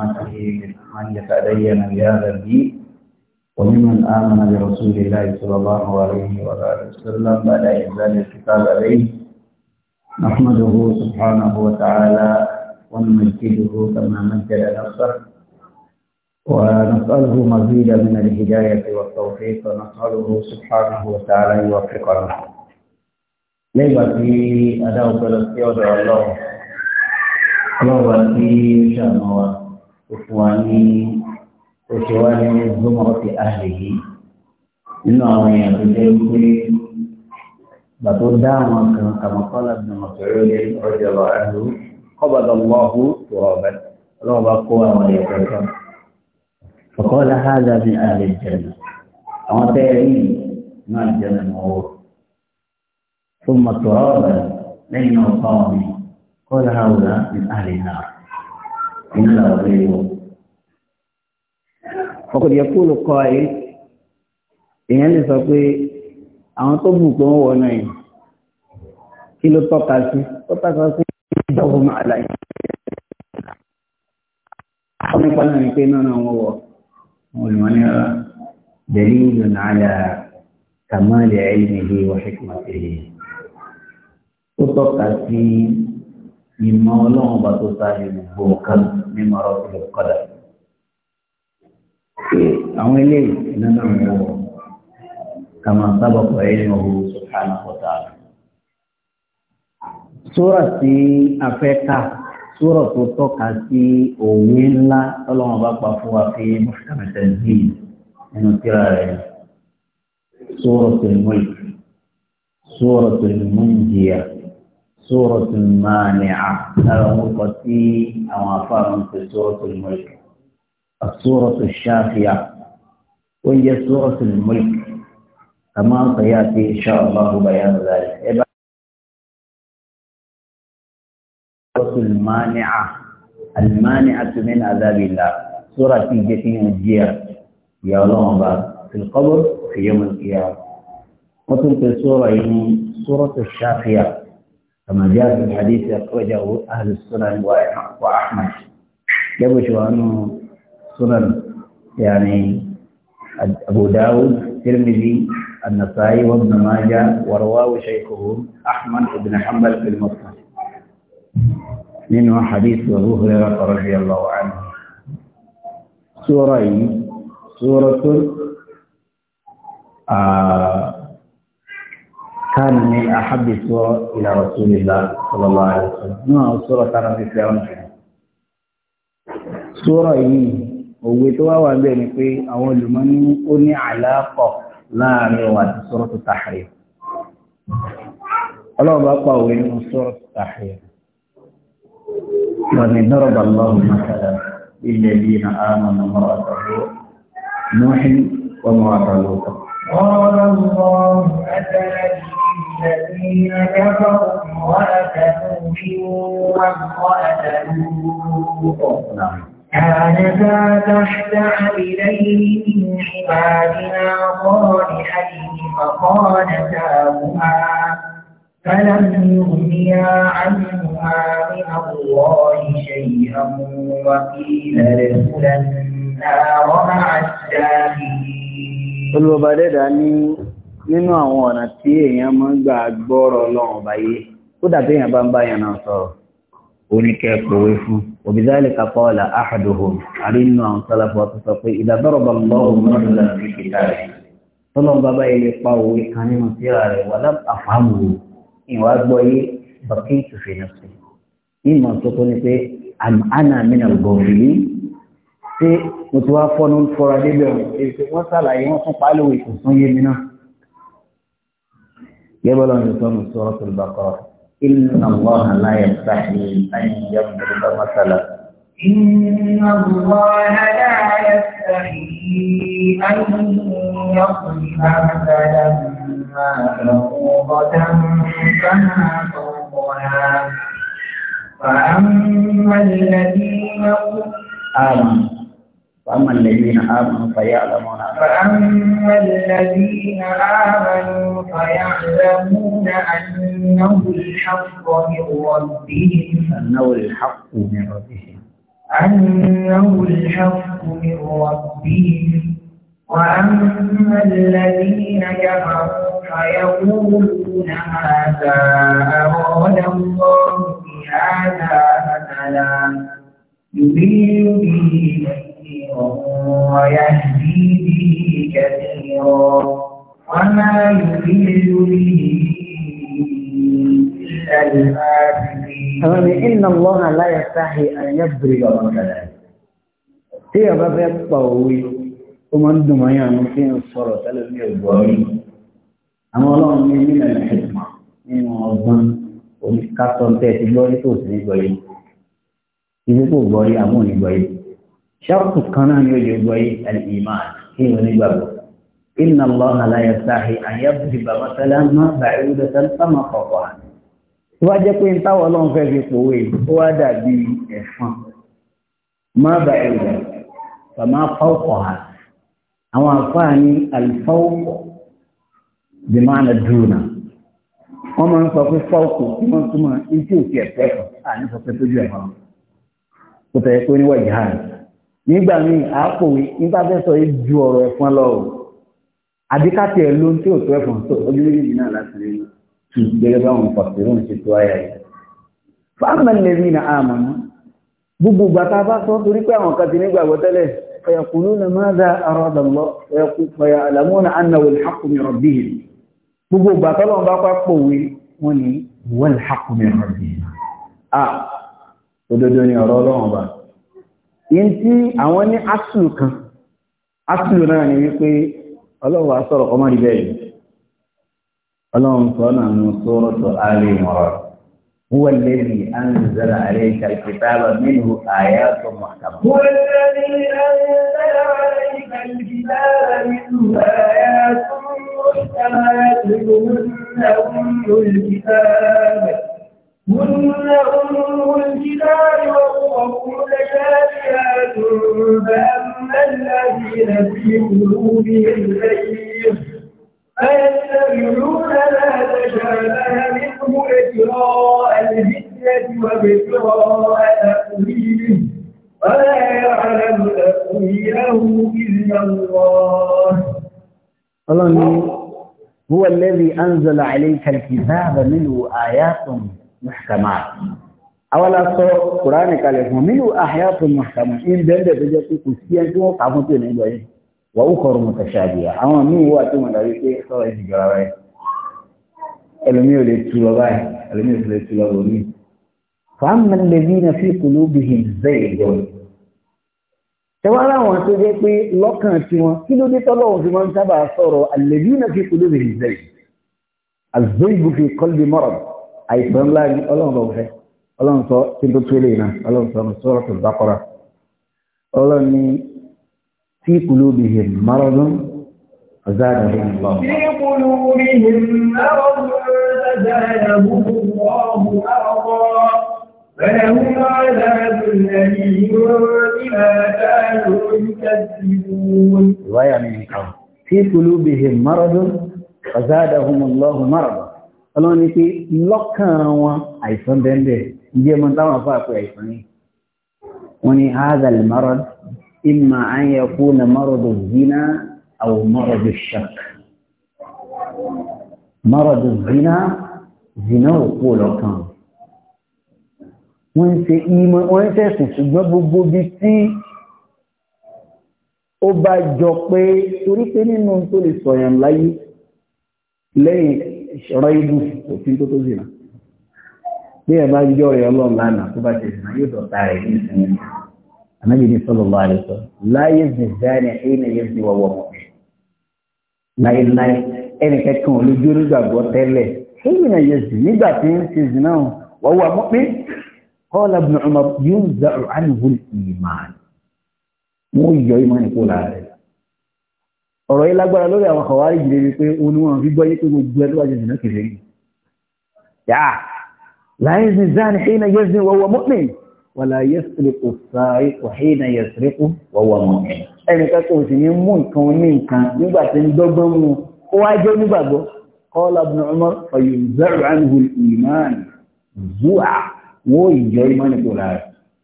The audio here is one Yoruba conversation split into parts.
أمته من يتدين بهذا الدين وممن آمن برسول الله صلى الله عليه وآله وسلم بعد إنزال الكتاب عليه نحمده سبحانه وتعالى ونمجده كما مجد نفسه ونسأله مزيدا من الهداية والتوفيق ونسأله سبحانه وتعالى يوفقنا ليبقى في أداء فلسطين الله الله في شأنه òfúwani òṣèwani gbọmọkọtì àlèyé nínú àwọn èèyàn tó jẹ́ pé gbà dá àwọn kan kàmọkànlá gbọmọkọtì ọjọ́ àlù kọbàdà lọhù tó ọbẹ ọlọ́run kó àwọn èèyàn kankan fọkànlá hàdà ní àlè jẹnà àwọn tẹ́ẹ̀rí náà jẹnà mọ́wọ́ fún mọ̀tò ọ̀bẹ lẹ́yìn náà kọ́ ọ̀mí kọ́ ní àlè إلا غيره وقد يقول قائل èèyàn lè sọ pé àwọn tó bù pé wọ́n wọ̀nà yìí kí ló tọ́ka sí ó sí ìjọba máa láì àwọn nípa náà ni pé náà náà wọ́n wọ̀ wọ́n lè wọ́n ní ọ̀rọ̀ dẹ̀lí ìlú náà yà kàmáàlì ẹ̀yìn ìdí wọ́n ṣe kìí ó tọ́ka sí mímọ̀ ọlọ́run ọba tó sáré gbogbo nǹkan mímọ̀ ọ̀rọ̀ tó lè kọ́dà. àwọn eléyìí iná náà ń wọ̀ kàmá sábà pọ̀ ẹ̀yìn ọ̀hún sọ̀kánà ọ̀tá. sóra tí a fẹ́ ká sóra tó tọ́ka sí òwe ńlá ọlọ́run ọba pa fún wa fi mọ́ṣáláṣá yìí nínú tíra rẹ̀ sóra tó ń mọ̀ yìí tó ń mọ̀ ń سورة مانعة هذا مرقتي أو أفهم في سورة الملك السورة الشافية وهي سورة الملك كما سيأتي إن شاء الله بيان ذلك سورة المانعة المانعة من عذاب الله سورة جتين الجير يا الله في القبر في يوم القيامة وتلك السورة إيه؟ سورة الشافية كما جاء في الحديث أخرجه أهل السنن وأحمد قبل شو أنه سنن يعني أبو داود الترمذي النسائي وابن ماجه ورواه شيخه أحمد بن حنبل في المصنف منه حديث أبو هريرة رضي الله عنه سورة إيه؟ سورة آه كان من أحب السور إلى رسول الله صلى الله عليه وسلم نعم سورة ربي فرعون سورة yìí òwe tó wá wà bẹ́ẹ̀ ni pé àwọn olùmọ̀ ní ó ní àlàpọ̀ láàrin wa àti sọ́rọ̀ tó tàhírí ọlọ́run bá pa òwe nínú sọ́rọ̀ tó tàhírí wọ́n ni dọ́rọ̀bà lọ́rùn mọ́tàlá ilẹ̀ bí na àmà na mọ́rọ̀ àtàlọ́ nọ́ọ̀hìn wọ́n الذين كفروا وأتوا وامرأة لوط كانتا تحت عبديه من عبادنا صالحين فخانتاهما فلم يغنيا عنهما من الله شيئا وقيل ادخلا النار مع الداخلين. nínú àwọn ọ̀nà tí èèyàn máa ń gbà gbọ́rọ̀ ọlọ́run ọba yìí kódà tí èèyàn bá ń bá yàn náà sọ̀rọ̀ oníkẹ́ kòwé fún òbíjáde kápá ọ̀là áhàdùhùn àrínú àwọn sálàfọ́ tó sọ pé ìdàbọ̀rọ̀ bá mo ti wá fọ́nú fọ́ra débẹ̀ wọ́n sàlàyé wọ́n tún pálọ̀ ìtùsùn yé mi náà يقول أن سورة البقرة إن الله لا يستحي أن يضرب مثلا إن الله لا يستحي أن يضرب مثلا ما بعوضة فما فوقها فأما الذين آمنوا وأما الذين آمنوا فيعلمون فأما الذين آمنوا فيعلمون أنه الحق من ربهم أنه الحق من ربهم أنه الحق من ربهم وأما الذين كفروا فيقولون هذا أراد الله بهذا مثلا يريد به كثيرا ويهدي به كثيرا وما يضل به إلا الفاسقين إن الله لا يستحي أن يبرئ من كذلك tí ọba fẹ́ pọ̀ òwe ó máa ń dùn mọ́yàn ní kí n sọ̀rọ̀ tẹ́lẹ̀ ní ọgbọ̀ rí àwọn ọlọ́run ní nílẹ̀ ìṣẹ̀tìmọ̀ nínú ọgbọ́n oníkásọ̀ntẹ́ ti gbọ́ ní tòsí yìí ibi kò gbọ́ yìí àbúrò nígbọ̀ yìí ṣẹ́kù kan náà ni ó yẹ gbọ́ yìí al-iman kí ni onígbàgbọ́ inna allaha la yastahi an yadriba mathalan ma ba'udatan fama fawqaha tó wá jẹ́ pé ń táwọn ọlọ́run fẹ́ fi pòwe ó wá dàbí ẹ̀fọn ma ba'udatan fama fawqaha àwọn àfáàní alfawqu bí máa na dùnà wọ́n máa ń sọ pé fawqu tí wọ́n òkè ẹ̀fẹ́ kan à nígbà míì àápòwé nígbà fẹ́ sọ yìí ju ọ̀rọ̀ ẹ̀fọn lọ o àdíkàtì ẹ̀ ló ń tí ò tó ẹ̀fọn tó ojú méjì náà láti rí tù gẹ́gẹ́ bá wọn pàṣẹ lóun ṣe tó ayà yìí. fáàmà lè rí na àmà mọ́ gbogbo bàtà bá sọ torí pé àwọn kan ti nígbàgbọ́ tẹ́lẹ̀ fẹ̀yàkùnú na máa da ara ọ̀dà lọ fẹ̀yàlámú na anáwó ìhàkùnmí rọ̀bì yìí tí àwọn ní asùlù kan asùlù náà ni wípé ọlọ́run wa a ọmọ rí bẹ́ẹ̀ ọlọ́run sọ náà nù sọ́rọ̀ sọ àlè mọ̀rọ̀ هو الذي أنزل عليك الكتاب منه آيات محكمات هو الذي أنزل عليك الكتاب منه آيات محكمات هن أم الكتاب هن الكتاب وأمكم لشابهات فأما الذين في قلوبهم زيغ فيتبعون ما تشابه منه ابتغاء الفتنة وابتغاء تأويله ولا يعلم تأويله إلا الله الله هو الذي أنزل عليك الكتاب منه آيات muhkamat àwọn la sọ kùránì kalẹ̀ fún mi yóò àhẹ́yà fún muhkamat ní bẹ́ẹ̀ tó jẹ́ pé kò sí ẹni tí wọ́n kà fún tòun ẹgbẹ́ yìí wà ó kọ̀rọ̀ mutashabiha àwọn míì wà tí wọ́n dàbí pé sọ̀rọ̀ ẹ̀jì jọra rẹ̀ ẹlòmíì ò lè tu lọ báyìí ẹlòmíì ò lè tu lọ lómi. fàámà fi qulubihim zẹ́yìn jọ tẹwàá àwọn tó jẹ́ pé lọ́kàn tiwọn kí ló dé tọ́lọ́wọ́ fi máa ń sábà sọ̀rọ̀ alladhina fi qulubihim zayg az-zayg fi qalbi àìsàn ńlá ni ọlọ́run lọ fẹ́ ọlọ́run sọ tí n tó tó lè náà ọlọ́run sọ Suratul Baqara ọlọ́run ní tí qulubihim maradun zadahum Allah. tí qulubihim maradun zadahum Allah àrọ́kọ́ فلهم عذاب أليم بما كانوا يكذبون. رواية من قبل في قلوبهم مرض فزادهم الله مرضا ọlọ́run ní pé lọ́kàn wọn àìsàn bẹ́ẹ̀ ìdí ẹmọ táwọn afọ àpò àìsàn yìí wọn ni haza al-marad imma an yakuna maradu zina aw maradu shak maradu zina zina ò kú lọ́kàn wọ́n ń ṣe ìmọ̀ wọ́n ń tẹ̀sùn ṣùgbọ́n gbogbo bíi tí ó bá jọ pé torí pé nínú tó lè sọ̀yàn láyé lẹ́yìn ṣọ́rọ́ ibù òfin tó tó zìnà bí ẹ bá jọ rẹ ọlọ́run lánàá tó bá ṣe zìnà yóò dọ̀tá rẹ ní ìsinmi anábì ní sallallahu alaihi wasallam láyé zìzáni ẹ̀yìn ẹ̀yẹ ti wọ́wọ́ mọ́ láyé láyé ẹnì kẹ́kẹ́ wọn onígbàgbọ́ tẹ́lẹ̀ ẹ̀yìn ẹ̀yẹ sì nígbà tí ń ṣe zìnà wọ́wọ́ mọ́ pé قال ابن عمر ينزع عنه الإيمان مو يجي إيمان ọ̀rọ̀ yìí lágbára lórí àwọn àwárí jìlẹ̀ wípé òun ni wọ́n fi gbọ́ yípe gbogbo ẹlú àjẹsì náà kìí rí yá láyé ní zani hìnà yẹsìn wọ́wọ́ mọ́mìn wà láyé sẹ́lẹ̀kù sáré kò hìnà yẹsẹ̀rẹ́kù wọ́wọ́ mọ́mìn ẹnì kẹ́kọ̀ọ́ sì ní mú nǹkan ní nǹkan nígbà tí ń dọ́gbọ́n mu ó wá ìjọ iman kò lára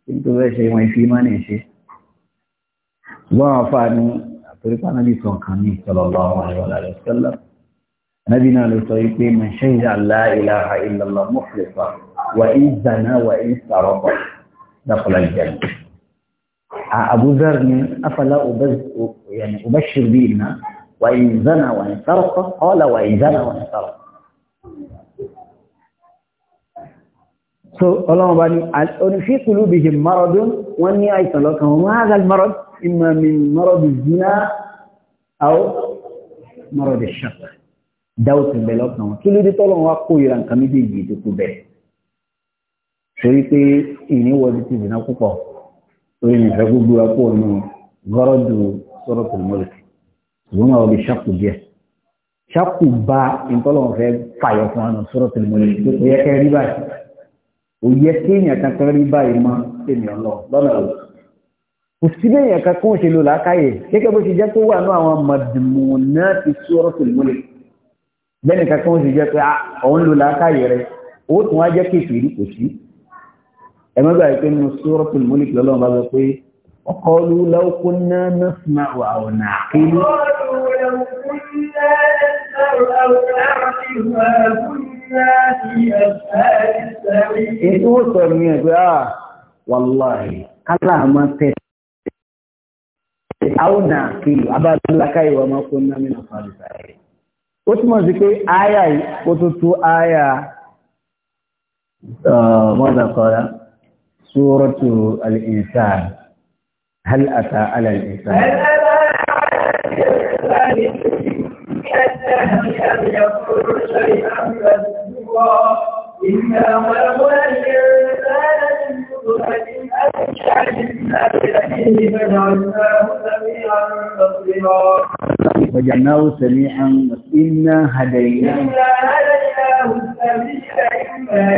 nítorí ẹ̀ṣẹ̀ wọn fi iman ẹ̀ wọ́n àfa ni طريق النبي صلى الله عليه وسلم نبينا لطريق من شهد لا إله إلا الله مخلصا وإذنا وإذ ربا دخل الجنة أبو ذر أفلا يعني أبشر بينا وإن زنى وإن سرق قال وإن زنى وإن سرق So, Allah mabani, al-unfi kulubihim maradun, wa ni'ay talakamu, ma'adha al-marad? إما من مرض الزنا أو مرض الشق دوت البلاد نوع كل دي طول هو قوي لان كم دي جي تكوبه سيرتي إني وجدت زنا كوبا وين فقول دوا كون غرض سورة الملك زنا وبالشق جه شق با إن طول هو في فايو فانا سورة الملك ويا كريبا ويا كينيا كان كريبا إما إني الله لا لا kò sí bí èèyàn kankan ṣe lò lákàyè gẹ́gẹ́ bó ṣe jẹ́ pé wà ní àwọn mọ̀dìmọ̀ náà ti sọ̀rọ̀ tó múlẹ̀ bẹ́ẹ̀ni kankan ṣe jẹ́ pé ah, òun lò lákàyè rẹ̀ ó tún wá jẹ́ kéèké rí kò sí ẹ̀mẹ́gbà yìí pé nínú sọ̀rọ̀ tó múlẹ̀ kí bá sọ pé ọkọ̀ ló láwùkọ́ náà náà sì máa wà ọ̀nà àkíní. ètò ó sọ ní ẹgbẹ́ wàláhì au na kilu abalakai wa makunna min afalisai ó túmọ̀ sí pé aya yìí ó tó tó aya mọ́dàkọ́lá suratu al-insan hal ata ala al-insan إنا خلقنا الإنسان سميعا بصيرا وجعلناه سميعا إنا هديناه إنا هديناه السبيل إما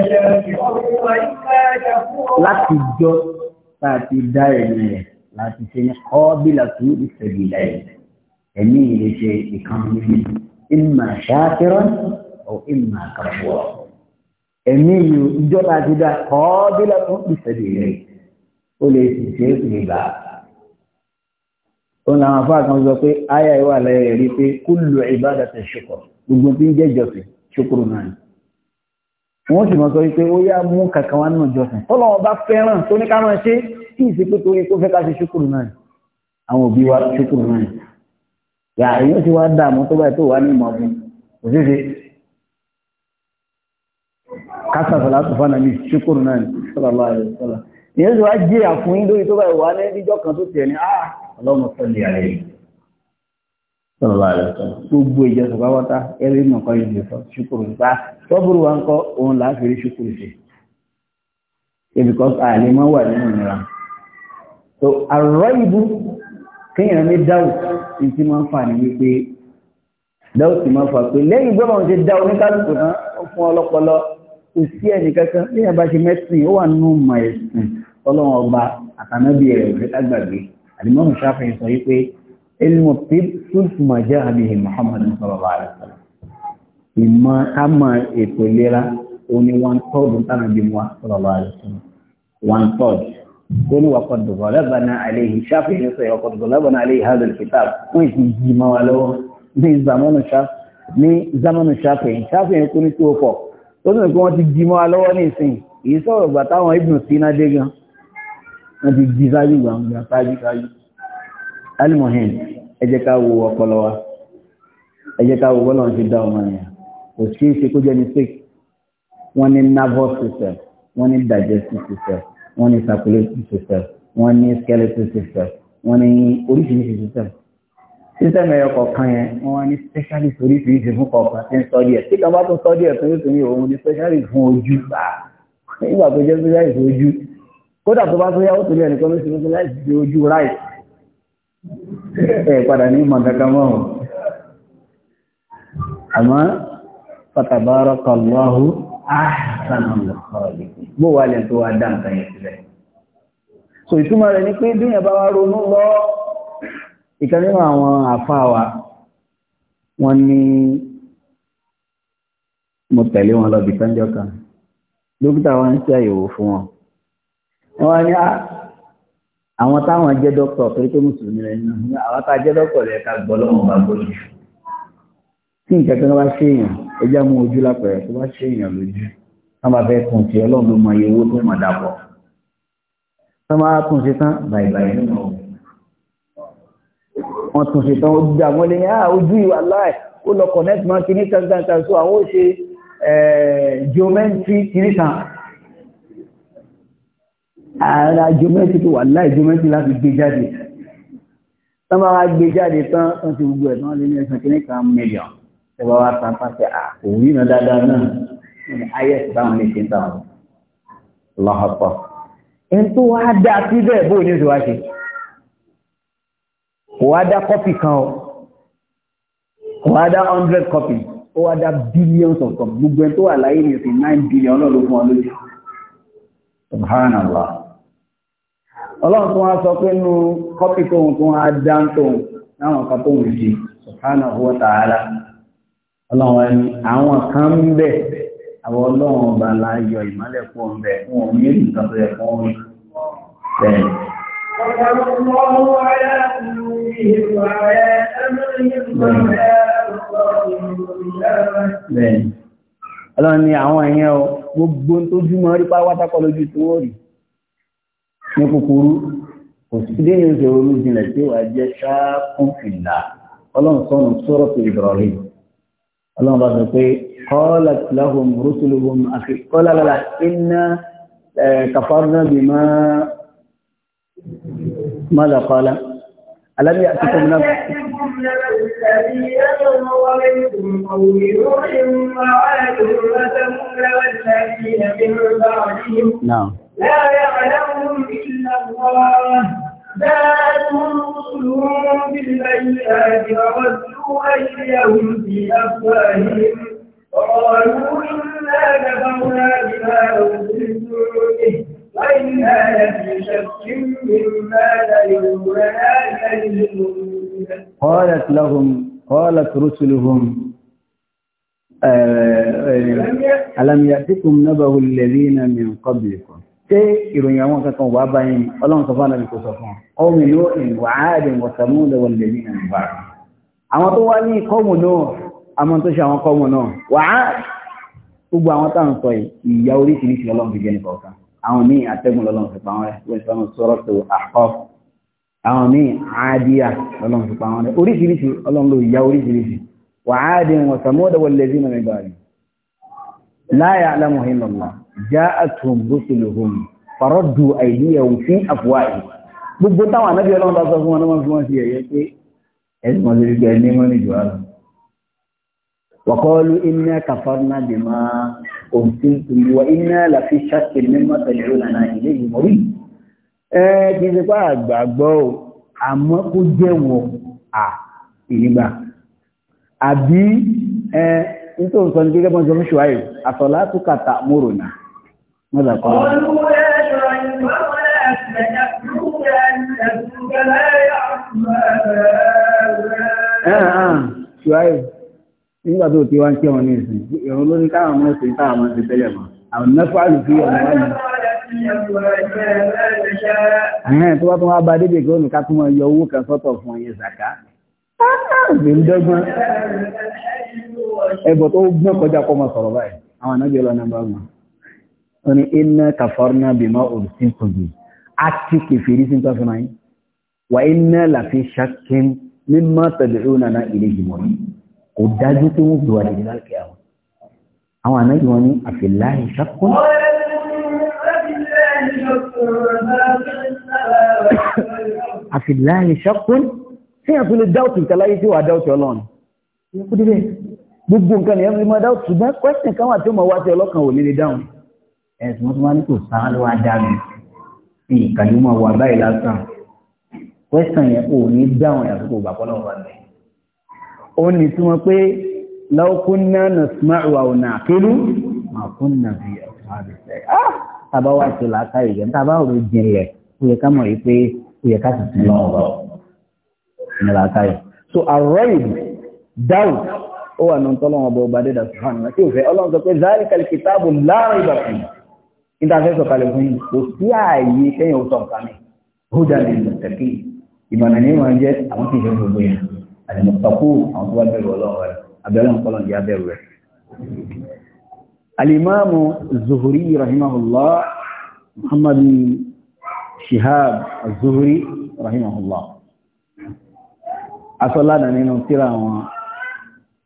شاكرا وإما كفورا لا jọ tá a ti dá ẹ̀mí rẹ̀ láti ṣe ní kọ́bílà tó ìṣẹ̀gìlà ẹ̀ ẹ̀mí ìrẹsẹ̀ ìkànnì ìmà ṣáàkìrọ̀ ẹ̀mí yìí ìjọba ti dá kọ́ọ́bílẹ̀ fún ìṣẹ̀lẹ̀ rẹ̀ ó lè sì ṣe é sì gbà. òun làwọn afá kan sọ pé aya ìwà lẹ́yìn rí pé kullu ibadati shukr gbogbo tí ń jẹ́ ìjọsìn ṣòkòrò náà ni. wọ́n sì mọ̀ sọ pé ó yá mú kankan wá nínú ìjọsìn tọ́lọ́ wọn bá fẹ́ràn tó ní ká máa ṣe kí ìsìnkú torí kó fẹ́ ká ṣe ṣòkòrò náà ni àwọn òbí wa ṣòkòrò náà ni. yàrá yóò ti wá dààmú tó báyìí tó wà ní ìmọ̀ kásàfàlà tó fánà ní ṣíkùrù náà ní sọ́lọ́lá àìsọ́lá ìyẹn tó wá jíyà fún yín lórí tó bá wà ní ìjọ kan tó tiẹ̀ ní àà ọlọ́run sọ́lẹ̀ ààrẹ sọ́lọ́lá àìsọ́lá gbogbo ìjọ sọ̀bá wọ́ta ẹ̀rí nǹkan ìjọ sọ ṣíkùrù nípa sọ́bùrù wa ń kọ́ òun là á fi rí ṣíkùrù sí ebi kọ́ àlè mọ́ wà nínú ìnira so àrọ́ ìbú kéèyàn ní dáwùt ní ti máa ń fà ní wípé dáwùt ti máa ń fà pé lẹ́yìn gbọ́dọ̀ ti kò sí ẹnì kankan ní ẹ̀bá ṣe mẹ́sìn ó wà nínú mọ̀ ẹ̀sìn ọlọ́run ọba àtànábì rẹ̀ òfin lágbàgbé àdìmọ́nù ṣáfihàn sọ wípé ilmu tib sulfu majá abihi muhammad sallallahu alaihi wasallam ìmọ̀ àmọ̀ ètò ìlera ó ní one third tánàbí mu sallallahu alaihi wasallam one third ó ní wàkọ̀ dùgbọ̀ lẹ́bàánà àlẹ́yìn ṣáfihàn sọ wàkọ̀ dùgbọ̀ lẹ́bàánà àlẹ́yìn hadal kitab fún ìsìn jì tó sì pé wọ́n ti jí mọ́ alọ́wọ́ ní ìsìn èyí sọ̀rọ̀ gbà táwọn ibùn sí iná dé gan wọ́n ti jí sáájú gbàǹgbà sáájú sáájú alimohin ẹ jẹ́ ká wo ọpọlọ wa ẹ jẹ́ ti dá ọmọ skeletal system wọ́n ní oríṣiríṣi sísẹ́mù ẹ̀yọ kọ̀ọ̀kan yẹn wọ́n ní specialist oríṣiríṣi fún kọ̀ọ̀kan tí ń sọ́dí ẹ̀ tí kan bá tún sọ́dí ẹ̀ tó yóò tún ní òun ní specialist fún ojú gbà nígbà tó jẹ́ specialist ojú kódà tó bá tó yá ó tún lẹ́nu kọ́ ló ṣe specialist fi ojú ráì ẹ̀ padà ní ìmọ̀ mọ́ ọ̀ àmọ́ fatabarakallahu ahsanul khaliqin bó wà lẹ́nu tó wá dá nǹkan yẹn sílẹ̀ so ìtumọ̀ rẹ̀ ni pé bí ìkan nínú àwọn àfáwà wọ́n ní mo tẹ̀lé wọn lọ bìtánjọ́ kan dókítà wọn ń ṣe àyẹ̀wò fún wọn wọ́n ní ah, àwọn táwọn jẹ́ dókítà pé tó mùsùlùmí rẹ̀ nínú àwọn tá a jẹ́ dókítà rẹ̀ ká gbọ́ lọ́wọ́ bá gbóyè tí nǹkan kan bá ṣe èèyàn ẹjá mú ojú lápẹ̀rẹ̀ tó bá ṣe èèyàn lójú wọ́n bá fẹ́ kùn sí ọlọ́run ló mọ iye owó tó mọ̀ dàpọ̀ wọ́n máa kùn sí tán bàìbàì nínú ọ̀hún wọ́n tún ṣe tán ah, ojú àwọn olè ní ojú ìwà láì ó lọ connect mọ́ kìíní kàńkàńkà so àwọn ó ṣe eh, geometry kìíní kan ara geometry tó wà láì geometry láti gbé jáde tán bá wá gbé jáde tán tán ti gbogbo ẹ̀ tán lé ní ẹ̀sán kìíní kan million ẹ bá wá san pàṣẹ àkò ríran dáadáa náà ní ayé ìbáwọn lè ṣe ń tàn lọ́hàpọ̀ ẹni tó wá dá síbẹ̀ bóyá ní oṣù wá kò wá dá kọ́pì kan o kò wá dá hundred copies ó wá dá billions of copies gbogbo ẹni tó wà láyé ní ìsìn nine billion náà ló fún ọ lójú subhanallah ọlọ́run tó wá sọ pé nínú kọ́pì tóun tó wá dá tóun láwọn kan tóun ṣe subhanahu wa ta'ala ọlọ́run ẹni àwọn kan ń bẹ̀ àwọn ọlọ́run ọba la yọ ìmọ́lẹ̀ fún ọ̀bẹ wọn ò ní èrè tó yẹ fún ọ̀bẹ bẹ́ẹ̀. ختم الله على قلوبهم وعلى أمرهم وعلى أبصارهم Ọlọ́run ni àwọn èèyàn ọ gbogbo tó jùmọ̀ rí pátákọ́ lójú tí wọ́n rí ní kúkúrú kò sí déyìn oṣù orú ìjìnlẹ̀ tí wà jẹ́ ṣáàkùn fìlà ọlọ́run sọ́nù sọ́rọ̀ ماذا قال ألم يأتكم نبأ نعم لا يعلمهم إلا الله جاءتهم رسلهم بالبينات وردوا أيديهم في أفواههم وقالوا إنا كفرنا بما أرسلتم به قالت لهم قالت رسلهم ألم يأتكم نبأ الذين من قبلكم ṣé ìròyìn àwọn kankan wà bá yìí ọlọ́run sọ fún àlàbí kò sọ fún ọmọ ìlú ìwà ààrùn wọ̀sàmú lọ́wọ́ lè ní àgbà àwọn tó wá ní kọ́mù náà àmọ́ tó ṣe àwọn kọ́mù náà wà á gbogbo àwọn táwọn sọ ìyá oríṣiríṣi ọlọ́run fi jẹ́ nìkan kan àwọn míì atẹ́gùn lọ́lọ́run fi pa wọn rẹ̀ wọ́n sọ́nà sọ́rọ̀ tó Ahqaf àwọn míì àádìyà lọ́lọ́run fi pa wọn rẹ̀ oríṣiríṣi ọlọ́run ló ya oríṣiríṣi wà á dín wọn sàmúdà wal ladhina min ba'dihim la ya'lamuhum illallah ja'atuhum rusuluhum faraddu aydiyahum fi afwahihim gbogbo táwọn anábì ọlọ́run bá sọ fún wọn ní fi wọ́n ti yẹ̀yẹ́ pé ẹ̀sìn wọn lórí gbẹ̀ ní mọ́nì jù òǹtìǹtì wa iná làfi ṣáṣe mímọ́ tẹ̀lé ìlànà ilé ìmọ̀rí. ẹ kì í ṣe pé àgbàgbọ́ o àmọ́ kó jẹ́ wọ̀ à ìnígbà àbí ẹ nítorí nǹkan ní gẹ́gẹ́ bọ́n ṣe fún ṣùáyò àtọ̀lá tó kàtà mòrò náà wọ́n là kọ́. ṣùáyò nígbà tó ti wá ń kí wọn ní ìsìn ìrún lórí káwọn ọmọ ṣe táwọn ọmọ ṣe tẹ́lẹ̀ mọ́ àwọn mẹ́fà lù fi ọ̀nà wá ní. tó bá tún wá ba dédé kí olùkà tún máa yọ owó kan sọ́tọ̀ fún ọyẹ zàká. ṣe ẹ̀bọ̀ tó gbọ́n kọjá kọ́ sọ̀rọ̀ báyìí kò dájú pé wọ́n fi wà nínú àkẹ́ àwọn àwọn ànájú wọn ní àfìláì ṣàkóso. àfìláì ṣàkóso tí a tún lè dáùtù ìtàláyé tí wà dáùtù ọlọ́run kú dídé gbogbo nǹkan nìyẹn fi máa dáùtù ṣùgbọ́n kwẹ́sìn kan wà tí ó mọ̀ ọlọ́kan ò nílé dáhùn ẹ̀sùn tó máa ní kò sáá ló wá dá mi bí wà báyìí lásán kwẹ́sìn yẹn ò ní dáhùn ìyàtọ̀ kò gbà pọ́nà wà lẹ́ ó ní túnmọ̀ pé láókúnná na smarwa ọ̀nà àkílú àkúnná fi àbẹ̀sẹ̀ ah tàbá wà tó láta ìgbẹ́ tàbá òru jinlẹ̀ ó yẹ ká mọ̀ so arroyed doubt ó wà nù tọ́lọ́wọ́ bọ̀ bá dédà sùhánù náà tí ò fẹ́ ọlọ́run sọ pé zalikal kitabu láàrin ìgbà fún yìí níta fẹ́ sọ̀kalẹ̀ fún yìí kò sí ààyè kẹ́yìn ó sọ̀kalẹ̀ ó dàbí ìmọ̀tẹ̀kì ìmọ̀nà ní ìmọ̀ jẹ́ àwọn kìí ṣe gbogbo yẹn àdìmọ̀tàkù àwọn tó bá bẹ̀rù ọlọ́run rẹ̀ abẹ́rẹ́ ọ̀pọ̀lọ́ ìyá bẹ̀rù rẹ̀. alimamu zuhuri rahimahullah muhammad shihab zuhuri rahimahullah asọ́ládà nínú tíra wọn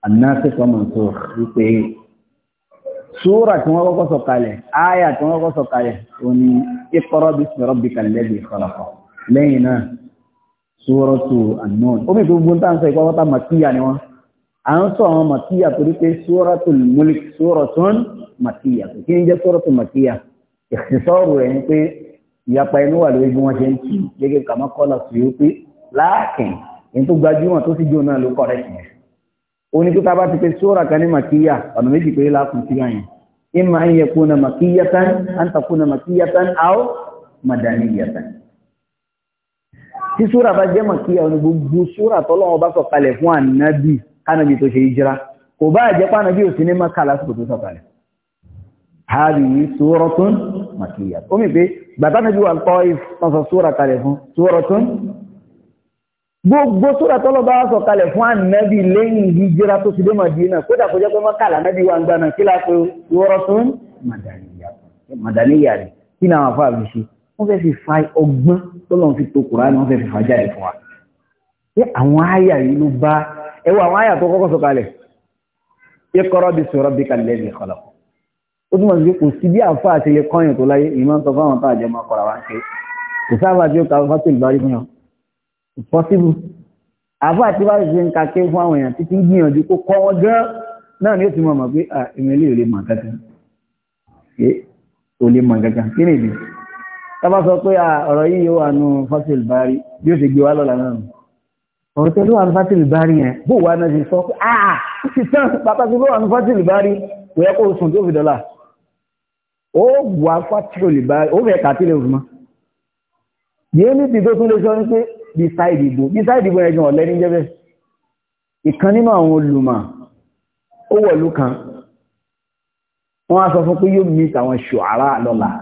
annasifọ mansur wípé súra tí wọ́n kọ́kọ́ sọ̀kalẹ̀ áyà tí wọ́n kọ́kọ́ sọ̀kalẹ̀ òní iqra bismi rabbikal ladhi khalaqa lẹ́yìn náà sórọ́tù anon omi tó gbóntà ń sọ ìpáwọ́ta màtíyà ni wọ́n à ń sọ àwọn màtíyà torí pé sórọ́tù múlik sórọ́tún màtíyà kò kí ń jẹ́ sórọ́tù màtíyà ìṣẹ́sọ́rù rẹ̀ ni pé ìyapa inú wà lórí bí wọ́n ṣe ń tì gẹ́gẹ́ kàmá kọ́lá sí i pé láàkìn èyí tó gbajúmọ̀ tó sì jò náà ló kọ̀ rẹ̀ sí i ó ní tó tábà ti pé sóra kan ní màtíyà ọ̀nà méjì péré láàkùn sí yàn ìmọ̀ an yakuna makiyatan an takuna makiyatan aw madaniyatan tí súra bá jẹ́ màkíyà ní gbogbo súra tọ́lọ́wọ́ bá sọ kalẹ̀ fún ànábì kánàbì tó ṣe ìjira kò bá jẹ́ pánàbì ò sí ní maka lásìkò tó sọ kalẹ̀ hàbí súratun màkíyà ó mì pé gbàtánàbì wà tọ́ ìfọ́sọ súra kalẹ̀ fún súratun gbogbo súra tọ́lọ́ bá sọ kalẹ̀ fún ànábì lẹ́yìn ìjira tó ti dé Màdínà kódà kí ni àwọn afáàbí ṣe wọ́n fẹ́ fi fa ọgbọ́n tọ́lọ́n fi to Kùránì wọ́n fẹ́ fi fàájà rẹ̀ fún wa pé àwọn àyà yìí ló bá ẹ wọ àwọn àyà tó kọ́kọ́ sọ̀kalẹ̀ Iqra bismi rabbikal ladhi khalaq ó túmọ̀ sí pé kò sí bí àfáà ti lè kọ́yìn tó láyé ìmọ̀ ń sọ fáwọn tó àjọ máa kọ̀ra wá ń ṣe kò sábà tí ó ka fásitì ìgbà rí fún yàn pọ́síbù àfáà bá ti ń ka ké fún àwọn èèyàn títí gbìyànjú kó kọ́ wọn gán náà ni ó ti mọ̀ mọ̀ pé ìmọ̀ ah, ilé ò lè mọ̀ kankan ò lè mọ̀ kankan kí ni ìdí tàbá sọ pé ọ̀rọ̀ yìí yóò wà nù bari bí ó ṣe gbé wá lọ́la náà ọ̀rọ̀ tẹ́lú wà nù bari yẹn bó wà náà ṣe sọ pé àà ó tán bàbá bó wà nù bari kò yẹ kó o sùn tó fi dọ́là ó wà fásitì bari ó fẹ́ kàtí lè fún ma yéé níbi tó tún lè sọ ní pé bísáìdì ìbò bísáìdì ìbò yẹn gan ọ̀lẹ́ ní jẹ́bẹ̀ ìkan nínú àwọn olùmọ̀ ó wọ̀lú kan wọ́n á sọ fún pé yóò mí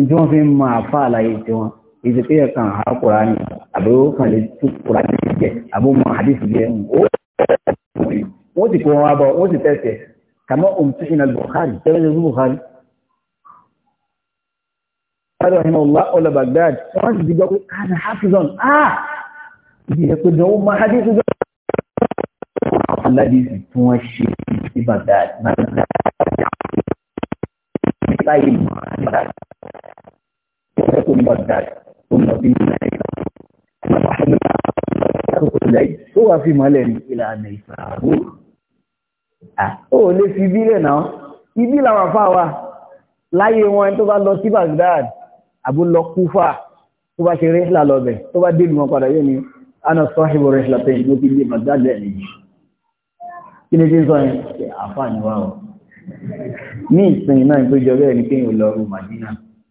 ìjọ wọn fi ń mọ àfa àlàyé tiwọn ìdí pé ẹ̀kan àkùrá ni àbí ó kàn lè tú kùrá ní ìjẹ àbó mọ àdìsí jẹ wọ́n ti kó wọn bọ̀ wọ́n ti tẹ̀sẹ̀ kàmọ́ òmùtí iná Bukhari tẹ́lẹ̀ ní Bukhari. Bàbá ọ̀hìn ọ̀la ọ̀la Baghdad wọ́n ti dìgbà pé kánà hafizan ah ìdí ẹ̀ pé dánwó máa àdìsí jọ. Aládìsí tí wọ́n ṣe ní Baghdad náà. about that from Nabi ó wà fi mọ́lẹ̀ ní ìlànà ìfààrú ó lè fi ibi lẹ̀ náà ibi làwọn afá wa láyé wọn tó bá lọ sí Baghdad àbú lọ Kúfà tó bá ṣe rẹ́sìlà lọ́bẹ̀ tó bá dé ìlúmọ̀ padà yóò ní ana sọ́hìbò rẹ́sìlà pẹ̀lú ló fi lè Baghdad lẹ̀ nìyí kí ni tí ń sọ yẹn ṣe àfáà ni wá o ní ìsìn náà ìgbéjọ bẹ́ẹ̀ ni kéèyàn lọ rú Màdínà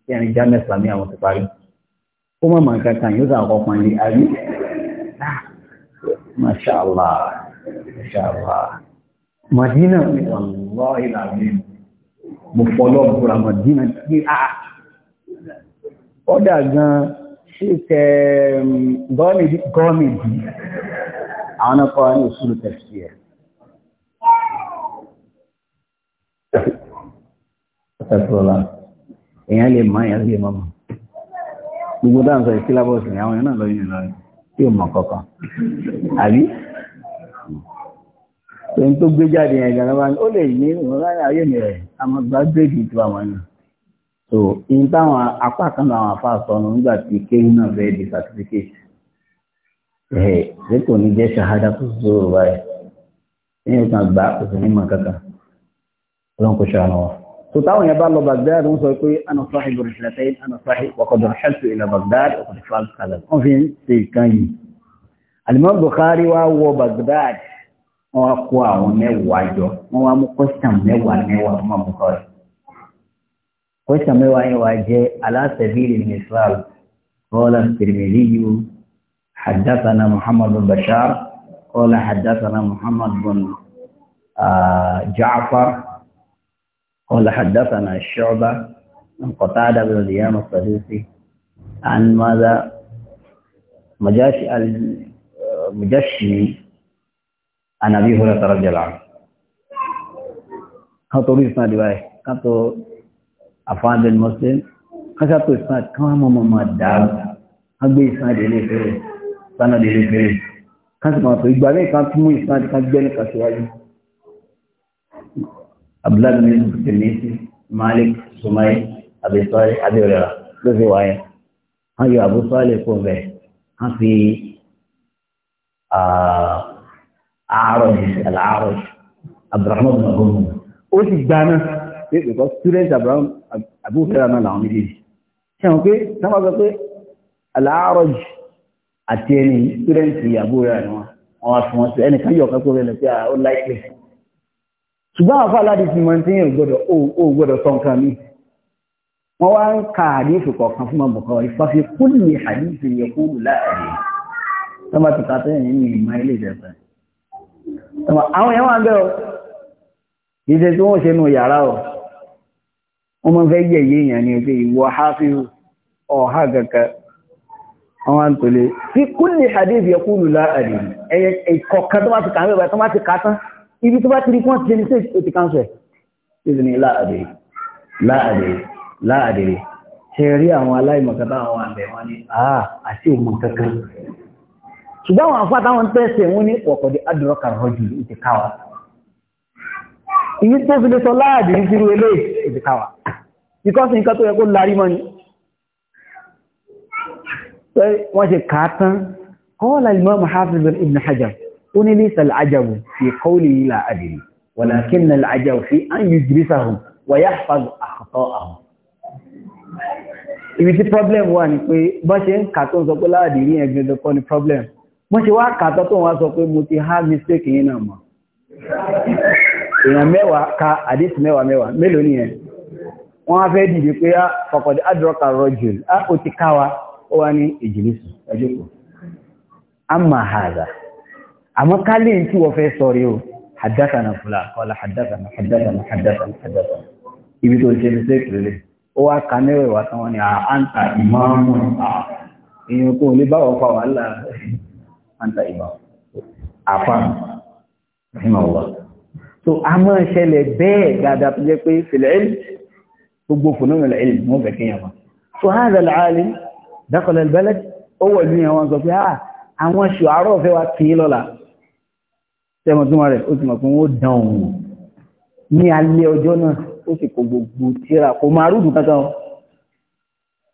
tí a ní jámẹ́ ìsìlámì àwọn ti parí ó mọ̀ mọ̀ nǹkan kan yóò sàn kọ́ pọn lé ayé masha allah masha allah madina allah ilahi mo fọlọ́ búra madina pé a ọ̀dà gan ṣe tẹ um, gọ́ọ̀mẹ̀dì àwọn náà kọ́ ní òṣùlù tẹ̀sí ẹ̀ Thank you èèyàn lè mọ èèyàn lè mọ mọ gbogbo dáhùn sọ ìsílábọ̀sì ni àwọn èèyàn náà lọ yìí lọ tí ò mọ kankan àbí ohun tó gbé jáde yẹn gan lọ́wọ́ ó lè ní ìrọ̀lẹ́ ayé mi rẹ̀ àmọ́gbà gbèdì tó àwọn náà so in táwọn apá kan náà àwọn afá sọnù nígbà tí kéwù náà fẹ́ di certificate ẹ̀ lẹ́kọ̀ọ́ ní jẹ́ ṣahada tó sọ̀rọ̀ báyìí ní ìtàn gbà kò sí ní mọ̀ kankan ọlọ́run kò ṣàánú wọn so táwọn yẹn bá lọ Baghdad wọ́n sọ pé ana sahibu rihlatayn ana sahibu waqad rihaltu ila Baghdad waqad fa'altu kaza wọ́n fi ń ṣe nǹkan yìí Al-Imam Bukhari wá wọ Baghdad wọ́n wá kó àwọn mẹ́wàá jọ wọ́n wá mú question mẹ́wàá mẹ́wàá fún Imam Bukhari mẹ́wàá yẹn wá jẹ́ ala sabili al-misal qala Tirmidhi Muhammad Bashar qala haddathana Muhammad bin ah, Ja'far. قال حدثنا الشعبة عن قتادة بن ديان الصدوسي عن ماذا مجاشي المجشي عن أبي هريرة رضي الله عنه كان طول إسناد دواي كان تو أفاد المسلم كان تو إسناد كما مما دار كان بي إسناد إليه فيه سنة إليه فيه كان تو إسناد كان تو إسناد كان بيان كان abdullahi bin tunisi malik sumai abisari abirera ló fi wáyé wọ́n yọ àbúsọ́lẹ̀ kó bẹ̀ wọ́n fi àárọ̀ àlàárọ̀ abdulrahman bin abubu ó sì gbaná pé pẹ̀kọ́ student abraham abúfẹ́ra náà làwọn méjèèjì ṣẹ́wọ̀n pé sábà sọ pé àlàárọ̀ àti ẹni student àbúrẹ́ ni wọ́n wá fún wọn sí ẹnìkan yọ̀ kápẹ́ rẹ̀ lọ sí àwọn láìpẹ́ ṣùgbọ́n àfà láti fi mọ̀ tí yẹn gbọ́dọ̀ ó gbọ́dọ̀ sọ nǹkan mi wọ́n wá ń ka àdéhùn kọ̀ọ̀kan fún ọmọkọ̀ ìfàfi kúlù ní àdéhùn yẹ kúlù láàrin tọ́mà tó kàtọ́ yẹn ní ìmọ̀ ilé ìjọba tọ́mà àwọn yẹn wà ń bẹ́ ọ ìṣe tí wọ́n ṣe nu yàrá ọ wọ́n máa ń fẹ́ yẹ̀yẹ́ èèyàn ní ojú ìwọ hafiu ọ̀ha kankan àwọn àǹtọ̀lẹ̀ fi kúlù àdéhùn yẹ kúlù láàrin ẹ̀yẹ ibi tó bá ti rí wọ́n ti ní sèche ó ti kánṣẹ̀ ìdí ni láàdé láàdé láàdé ṣe rí àwọn aláìmọ̀kátà àwọn àbẹ̀ wọn ni àà ah, àti ìmọ̀ kankan ṣùgbọ́n àwọn afọ àtàwọn tẹ̀sẹ̀ wọn ní ọ̀kọ̀dé adúrọ̀kà rọ́jù ó ti káwa ìyí tó fi lè sọ láàdé ní irú eléyìí ó ti káwa because nǹkan tó yẹ kó larí mọ́ ni wọ́n ṣe kàá tán kọ́ ọ́ la Imam Hafiz ibn Hajar ó ní lisa al'ajabu fi qawlihi la adri walakin al'ajabu fi an yujlisahu wa yahfaz akhta'ahu ibi tí problem wà ní pé bọ́ ṣe ń kà tó ń sọ pé láàdì rí ẹgbẹ́ lọ́kọ́ ni problem bọ́ ṣe wá kà tó tó wá sọ pé mo ti há mistake yìí náà mọ̀ èèyàn mẹ́wàá ka àdísì mẹ́wàá mẹ́wàá mélòó nìyẹn wọ́n á fẹ́ dìde pé á fọkọ̀dé àdúrọ́kà rọ́jùl á ó ti ká wa ó wá ní ìjìlísù ẹjọ́ kù á àmọ́ ká lè tí wọ́n fẹ́ sọ rí o haddathana fúlà kọ́lá haddathana haddathana haddathana haddathana ibi tó ṣe ní sẹ́kìrìlẹ̀ ó wá ka mẹ́rẹ̀ wá tán wọn ni àǹtà ìmáàmù èèyàn kò lè báwọ̀ fa wàhálà àǹtà ìmáàmù àfa ìmáàmù so a máa ṣẹlẹ̀ bẹ́ẹ̀ dáadáa tó jẹ́ pé fìlẹ̀ ẹ̀lì gbogbo fònúmìlì ẹ̀lì wọ́n fẹ́ kéèyàn wọn so hādhā al-ʿālim dakhala al-balad ó wọ̀ ní àwọn sọ pé ah, àwọn ṣùárọ̀ fẹ́ wá kí lọ́la sẹ́mọ̀ tó máa rẹ̀ ó ti mọ̀ pé wọ́n dán òun ní alẹ́ ọjọ́ náà ó sì kó gbogbo tíra kò máa rúdù kankan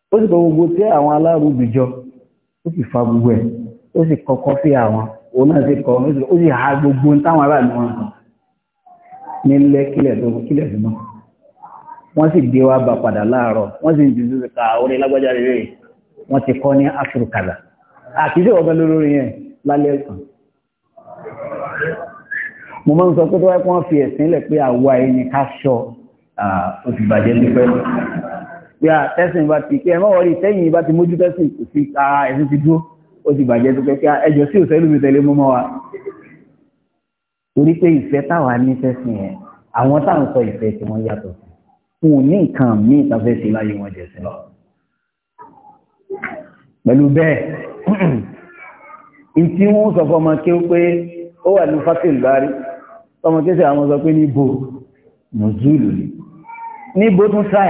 ó sì kó gbogbo tíra àwọn alárùdù jọ ó sì fa gbogbo ẹ̀ ó sì kọ́kọ́ sí àwọn òun náà sì kọ́ ó sì ha gbogbo ohun táwọn aráàlú wọn kàn nílẹ̀ kílẹ̀ tó kílẹ̀ tó náà wọ́n sì gbé wa bà padà láàárọ̀ wọ́n sì ń dìdú ka orí lágbájá rere wọ́n ti kọ́ ní áfíríkàdà àti ìdíwọ̀gbẹ́ lórí yẹn lálẹ́ ọ̀sán mo máa ń sọ pé tó wáyé kí wọ́n fi ẹ̀sìn lẹ̀ pé àwa ẹni ká ṣọ ó ti bàjẹ́ pípẹ́ pé à tẹ́sìn bá ti kí ẹ mọ́wọ́ rí tẹ́yìn bá ti mójú tẹ́sìn kò sí ara ẹ̀sìn ti dúró ó ti bàjẹ́ pípẹ́ pé ẹjọ́ sí òṣèlú mi tẹ̀lé mọ́ wa torí pé ìfẹ́ táwa ní tẹ́sìn yẹn àwọn táwọn sọ ìfẹ́ tí wọ́n yàtọ̀ sí fún ní nǹkan mí ìtafẹ́ sí láyé wọn jẹ̀sìn lọ. Pẹ̀lú bẹ́ẹ̀, ìtí wọ́n sọ fọmọ kí ó pé ó wà ní fásitì lárí ọmọ kéèsì àwọn sọ pé níbo nùzúlù ni níbo tún try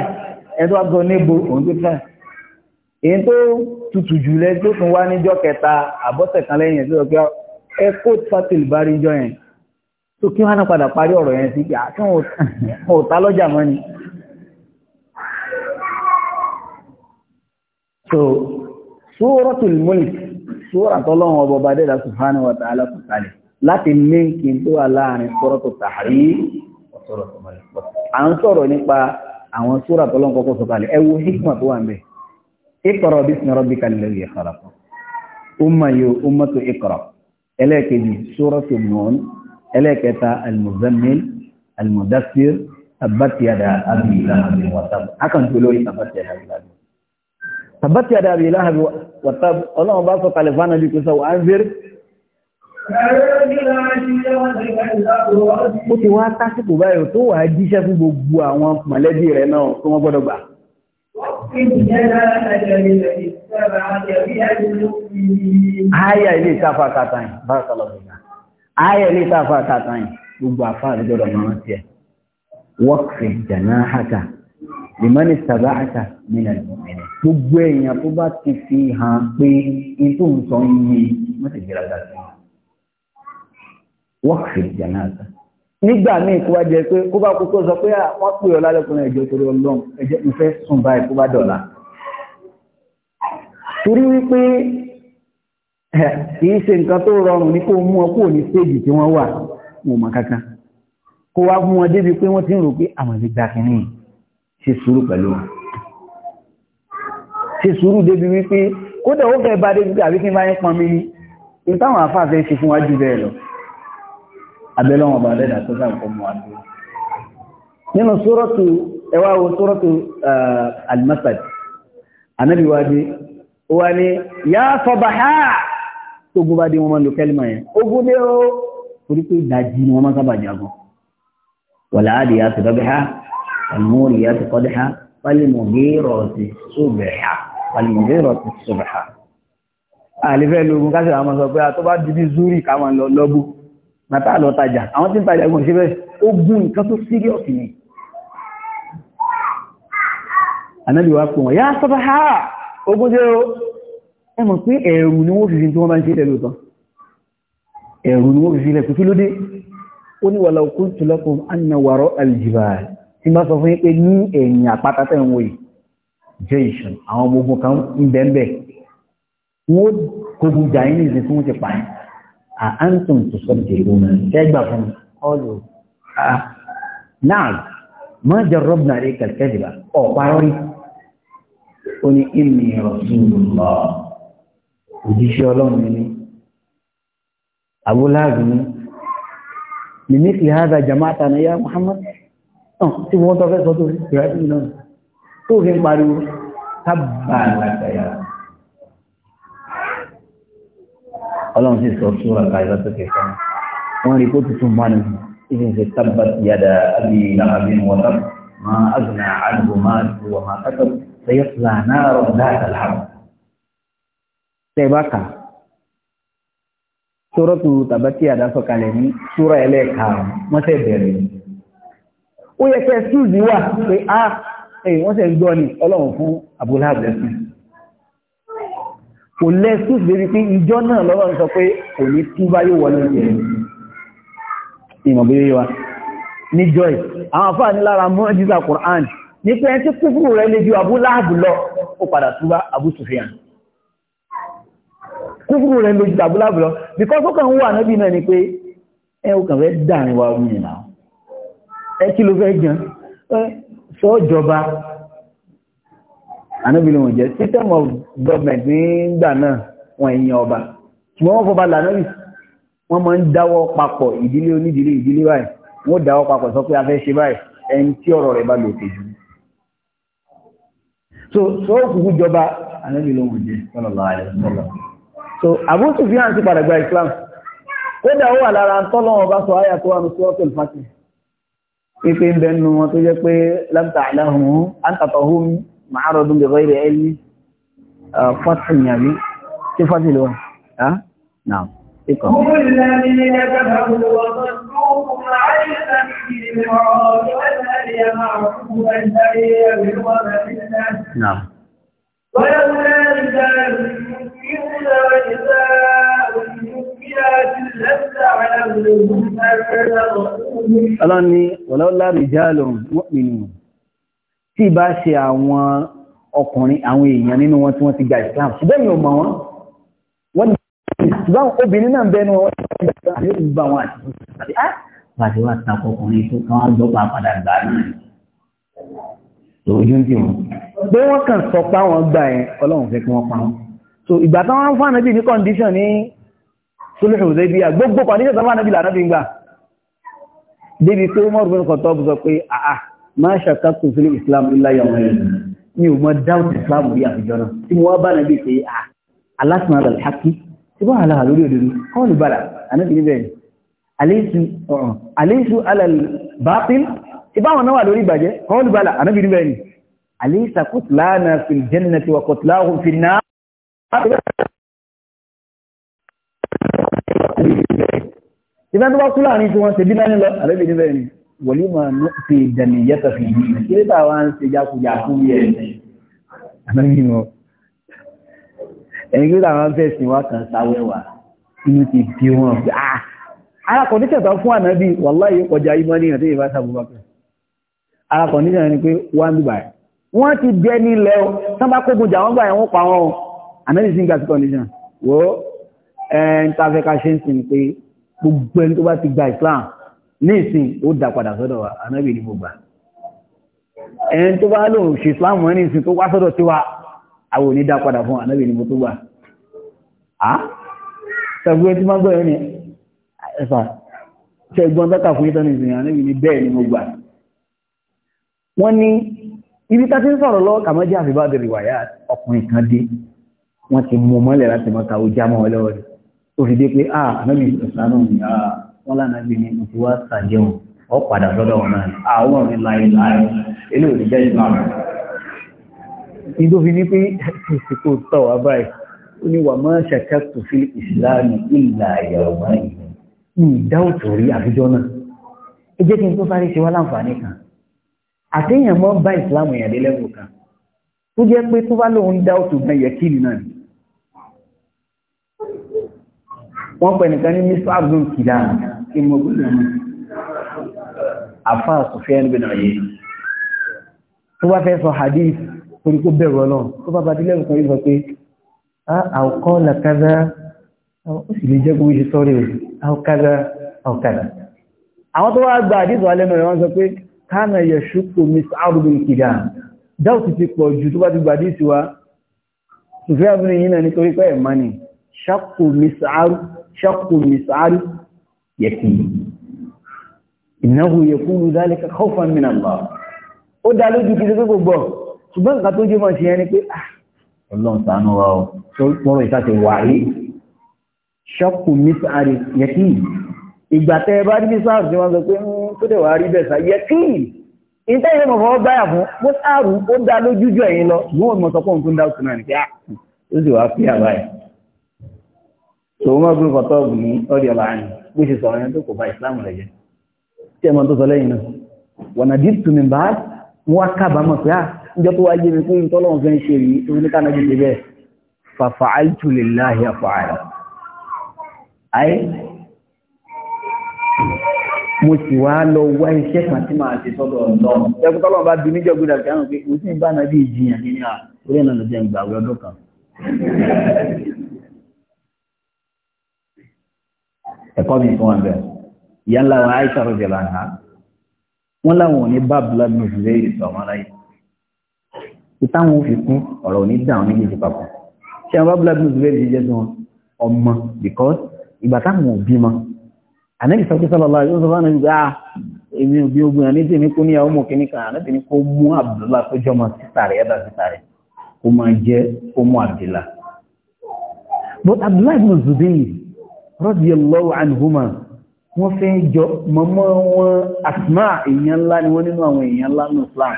ẹ̀tọ́ àgbọ̀ níbo òun tó try èyí tó tutù jù lẹ tó tún wá níjọ́ kẹta àbọ̀sẹ̀ kan lẹ́yìn ẹ̀ tó sọ pé ẹ kó fatil bá rí jọ yẹn ah, tó so suratul mulk sóòrà tọ́lọ́wọ́n ọba ọba dẹ́dà subhanahu wa ta'ala kò láti líǹkì tó wà láàrin sọ́rọ̀tò tààrí ọ̀sọ̀rọ̀tò mọ̀lẹ́pọ̀. à ń sọ̀rọ̀ nípa àwọn sóra tó lọ́nkọ́kọ́ sọ̀kalẹ̀ ẹ wo hikma tó wà ń bẹ̀ iqra bismi rabbika alladhi khalaq umma yo ummatu iqra ẹlẹ́ẹ̀kejì sórọ̀tò nùn ẹlẹ́ẹ̀kẹta almuzammil almudassir tabbat yada abi lahab wa tab akan ọlọ́run bá sọ̀kalẹ̀ fánà bí kò sọ wà ń zẹ́rẹ́ Ó ti wá tásìkò báyìí tó wà jíṣẹ́ fún gbogbo àwọn mọ̀lẹ́bí rẹ̀ náà tó wọ́n gbọ́dọ̀ gbà. Ayà ilé ìtafà kàtàyìn, bárakàlọ́gbìnà. Ayà ilé ìtafà kàtàyìn, gbogbo àfà àrígbọ́dọ̀ máa ti ẹ̀. Wọ́kfì jẹ̀nà hàkà, lèmọ́ni sàbá hàkà nínú ìmọ̀mẹ́rẹ̀. Gbogbo èèyàn tó bá ti wọ́ọ̀kì jẹ̀nàza nígbà míì kó bá jẹ pé kó bá kú tó sọ pé wọ́n pè ọ́ lálẹ́kùnrin ẹ̀jọ́ torí ọlọ́run ẹ̀jẹ̀ ń fẹ́ sùn báyìí kó bá dọ̀la torí wípé kìí ṣe nǹkan tó rọrùn ní kó mú ọ kúrò ní stéèjì tí wọ́n wà wọn mọ̀ kankan kó wá mú ọ débi pé wọ́n ti ń rò pé àwọn ìlú gba kìíní ṣe sùúrù pẹ̀lú wọn ṣe sùúrù débi wípé kódà ó fẹ́ bá débi àbí kí n bá yín pọn mi ní ìtàwọn abẹ́lọ́wọ̀n bá lẹ́dà tó sáàkọ́ mọ́ àti nínú sórọ́tù ẹwà wo sórọ́tù almasad anábi wá dé wà ní yá sọbàhá tó gún bá dé wọn máa lò kẹ́lìmà yẹn ó gún dé ó torí pé ìdájí ni wọ́n máa sábà jagun wàlá àdì yá ti dọ́bẹ̀há àlmúrì yá ti kọ́dẹ̀há fálìmọ̀gẹ́rọ̀ ti ti sóbẹ̀há àlefẹ́ lógun káṣẹ̀ àwọn sọ bàtà lọ tajà àwọn tí ń tajà gùn síbẹ̀ ogun nǹkan tó síríọ̀sì ni anábíwá pọ̀ wọ́n yá sọ́bá ha ogun tí ó ẹmọ̀ pé ẹ̀rù ni wọ́n fífi tí wọ́n bá ń sílẹ̀ lóòtọ́ ẹ̀rù ni wọ́n fífi ilẹ̀ kúkú lóde ó ní wàlá òkú tùlọ́kùn anna wàrọ́ aljibà tí bá sọ fún yín pé ní ẹ̀yìn àpáta tẹ̀ ń wòye jẹ́ ìṣàn àwọn ọmọ ogun kan ń bẹ́ẹ̀ bẹ́ẹ̀ wọ́n kógun jà yín ní ìsìn àántùm tó sọ́dọ̀ ìrúnà tẹ́gbà fún ọlù a náà má jẹ rọ́bìnà rí kẹ̀kẹ́dìbà ọ̀parọ́ rí rasulullah òjíṣẹ́ ọlọ́run ní abúláàbù ní mímíkì hádà jamaata na ya muhammad náà tí wọ́n tọ́ fẹ́ sọ́tò rí ìrẹ́bìnà tó fi ń pariwo tábà lágbàyàrá ọlọ́run sì sọ súra káyọ̀ tó kẹfà wọ́n rí kó tuntun mánu ibi ṣe tabbat yada abi lahabi wọ́tá máa azùnà àdùgbò máa dùn wọ́n máa kátó lẹ́yìn lànà rọ̀ dáadáa làwọn. tẹ́ bá kà sórọ́tù tàbátì àdásọ̀kalẹ̀ ní súra ẹlẹ́ẹ̀karùn-ún wọ́n tẹ̀ bẹ̀rẹ̀ ni. ó yẹ kẹ́ ṣúùzì wà pé a ah, wọ́n tẹ̀ gbọ́ ni ọlọ́run fún abúlé àbẹ̀sìn kò lẹ́sùs lérí pé ìjọ náà lọ́wọ́ sọ pé kò ní tí bá yóò wọlé ìjẹ́ ìmọ̀bí wa níjọ́ ẹ̀ àwọn afá ní lára mọ́ jíza Qur'an ní pé ẹni tí kúfùrù rẹ̀ lè ju Abu Lahab lọ ó padà túbá Abu Sufyan kúfùrù rẹ̀ lè ju Abu Lahab lọ because ó kàn wà níbi náà ni pé ẹ ó kàn fẹ́ dàrin wa rú nìyàn ẹ kí ló fẹ́ jẹun sọ́jọba ànábìnrin wọn jẹ́ system of government nígbà náà wọn èèyàn ọba ṣùgbọ́n wọ́n fọba lànàbì wọ́n máa ń dáwọ́ papọ̀ ìdílé onídìílé ìdílé báyìí wọ́n dáwọ́ papọ̀ sọ pé a fẹ́ ṣe báyìí ẹni tí ọ̀rọ̀ rẹ̀ bá lò tèjú so sọ́ọ̀kùnkú jọba ànábìnrin wọn jẹ́ sallallahu alaihi wasallam so Abu Sufyan ti padà gba Islam kódà ó wà lára tọ́lọ́wọ́n bá sọ àyà tó wà ní sọ́ọ̀tẹ̀lì fásitì pípé ń bẹnu wọn معرض لغير علم آه، فتح يعني صفة الوهم ها نعم اقرأ هم الذين كفروا وصدوكم عن المسجد الحرام والهدي معكوفا ان يبلغ نعم ولولا رجال يؤمنون ونساء مؤمنات لم تعلمهم ان تغفوهم ولولا رجال مؤمنون tí bá ṣe àwọn ọkùnrin àwọn èèyàn nínú wọn tí wọ́n ti gba Islam ṣùgbọ́n mi ò mọ̀ wọ́n wọ́n ní ṣùgbọ́n obìnrin náà bẹ́ẹ̀ ni wọ́n ti gba Islam yóò gba wọn àti àti á pàṣẹ wá takọ ọkùnrin tó kàn án gbọ́pọ̀ àpàdà gbà náà lójú ń tì wọ́n. pé wọ́n kàn sọ pé àwọn gbà yẹn Ọlọ́run fẹ́ kí wọ́n pa wọn. so ìgbà táwọn ń fún ànábì ní condition ní solution ṣe bí gbogbo condition táwọn ànábì làná fi máa ṣàkàtò sílé islam iláyà wọn yìí mi ò mọ doubt islam bí àfijọ́ náà tí mo wá bá nàbí pé alásùnà àdàlẹ̀ hákí tí wọ́n àlàhà lórí òdodo kọ́ọ̀lù bàrà ànábì níbẹ̀ ni àléṣù alàlẹ̀ bàtíl tí báwọn náà wà lórí ìbàjẹ́ kọ́ọ̀lù bàrà ànábì níbẹ̀ ni ni wọ̀límọ̀ fi ìdànìyàtọ̀ fi yìí kí lẹ́ta wá ń ṣe jákujá fún yẹ ẹ̀mọ́ ẹni kí lẹ́ta wọ́n fẹ́ sí wá kan sáwẹ́wà inú ti bí wọn fi ah alákọ̀ọ́díṣẹ̀ tó fún ànábì wàláyé kọjá ìmọ̀ ní ìrántí ìbá sábúbá pẹ̀ alákọ̀ọ́díṣẹ̀ ni pé wọ́n ń bíbà wọ́n ti jẹ́ nílẹ̀ o tán bá kógun jà wọ́n gbà ẹ̀wọ̀n pa wọn o ànábì sí gàtí kọ̀ọ́díṣẹ̀ wo ẹ̀ ń tafẹ́ ká ṣe ń sìn pé gbogbo ẹni tó bá ti gba Islam ní ìsìn ó dà padà sọ́dọ̀ anábì ní gbogbo ẹn tó bá lóun ṣe islam wọn ní ìsìn tó wá sọ́dọ̀ tiwa àwọn òní dá padà fún anábì ní mo tó gbà á sẹ́gun etí máa gbọ́yọ́ ni ẹ̀fà sẹ́gun ni mo gbà wọ́n ní ibi tá ti ń sọ̀rọ̀ lọ́wọ́ kàmọ́ jẹ́ àfibá bẹ̀rẹ̀ wáyà ọkùnrin kan dé wọ́n ti mú mọ́lẹ̀ láti mọ́ta ó já mọ́ ọ ó fi dé pé ah anábì ìsìn wọ́n lánàá bí ní ti wá sàjẹun ọ padà lọ́dọ̀ wọn náà àwọn ọ̀rìn láyé láyé ilé òní jẹ́ ìgbà rẹ̀. ìdó fi ní pé ìsìnkú tọ̀ wá báyìí ó ní wà máa ṣàkà tó fi ìsìláàmù ìlà ìyàwó báyìí ní ìdáhùn tó rí àfijọ́ náà ẹ jẹ́ kí n tó sáré ṣe wá láǹfààní kan àtẹ̀yàn mọ́ bá ìsìláàmù yàn dé lẹ́wọ̀ kan tó jẹ́ pé tó bá lóun dá òtò gan yẹ kí nìyàn ni wọ́n pẹ̀ ní mr abdul kìlá ìmọ̀ gbọ́dọ̀ mọ́ àfà Sufyan bin Uyayna tó bá fẹ́ sọ hadith orí kó bẹ̀rù ọlọ́run tó bá bàdí lẹ́rù kan yìí sọ pé àwòkọ́ ah, làkàdá ó sì lè jẹ́ gbogbo ṣe sọ́rí o àwòkàdá àwòkàdá àwọn tó wá gba hadith wà lẹ́nu rẹ̀ wọ́n sọ pé kánà yẹ̀ṣùkò miss arubin kìdá dáùtì ti pọ̀ ju tó bá ti gba hadith wa Sufyan bin Uyayna nítorí pé ẹ̀ mọ́ni ṣàkó miss arú Yakin. إنه يكون ذلك خوفا من الله ó dá lójú kí ló gbogbo ṣùgbọ́n nǹkan tó jẹ́ mọ̀ sí ẹni pé ah, ọlọ́run ṣàánú wa ọ tọrọ ìsáṣẹ wà rí ṣọ́kù mísàárì yẹtí ìgbà tẹ bá rí mísàárì tí wọ́n sọ pé tó hmm, dẹ̀ wà rí bẹ̀sà yẹtí ìtẹ́ ìwé mọ̀ fọwọ́ báyà fún mísàárì ó dá lójú jọ ẹ̀yìn lọ gbọ́n mọ̀ sọ pé òun tó ń dá òtún náà nìkẹ́ ah, ó sì wá fi àbáyà bó ṣe sọ̀rọ̀ yẹn tó kò bá ìsìláàmù rẹ̀ jẹ́ tí ẹ mọ́ tó sọ lẹ́yìn náà wọ̀nà dìí tùmí bá wọ́n wá kábàámọ̀ pé à ah, níjọ́ tó wáyé mi fún ìtọ́lọ́run fẹ́ ń ṣe yìí tó ní kánà jíjẹ bẹ́ẹ̀ fàfà àìtùlélàhì àfààrà ayé mo sì wá lọ wá iṣẹ́ kan tí màá ṣe sọ́dọ̀ ọ̀dọ́ ẹkùn tọ́lọ́run bá bí níjọ́ kí á mọ̀ pé mo sì ń bá nàbí ìjìyàn nínú à orí ẹ̀nà lọ́jọ́ ìgbà àwẹ̀ ọdún kan ẹ̀kọ́ mi fún wọn bẹ́ẹ̀ ìyá ńlá wa Aisha rọ̀jẹ̀ là ń ha wọ́n láwọn ò ní bá abdullahi bin zubair sọ̀rọ̀ aláyé ìtàwọn fi kún ọ̀rọ̀ ò ní dà wọn níbi ìpapọ̀ ṣé àwọn abdullahi bin zubair jẹ́ sí wọn ọmọ because ìgbà táwọn ò bímọ ànábì sọ́kí sọ́lọ́lá yóò sọ fún àgbà ah, èmi ò bí ogun àní tèmi kú ní àwọn ọmọ kìíní kan àná tèmi kó mú abdullahi kó jọ ọmọ sísà rẹ̀ ẹ̀dà sísà rẹ̀ kó máa jẹ́ kó mú abdullahi but abdullahi bin zubair radiyallahu anhuma wọ́n fẹ́ jọ mọ́mọ́ wọn asma èèyàn ńlá ni wọ́n nínú àwọn èèyàn ńlá ní islam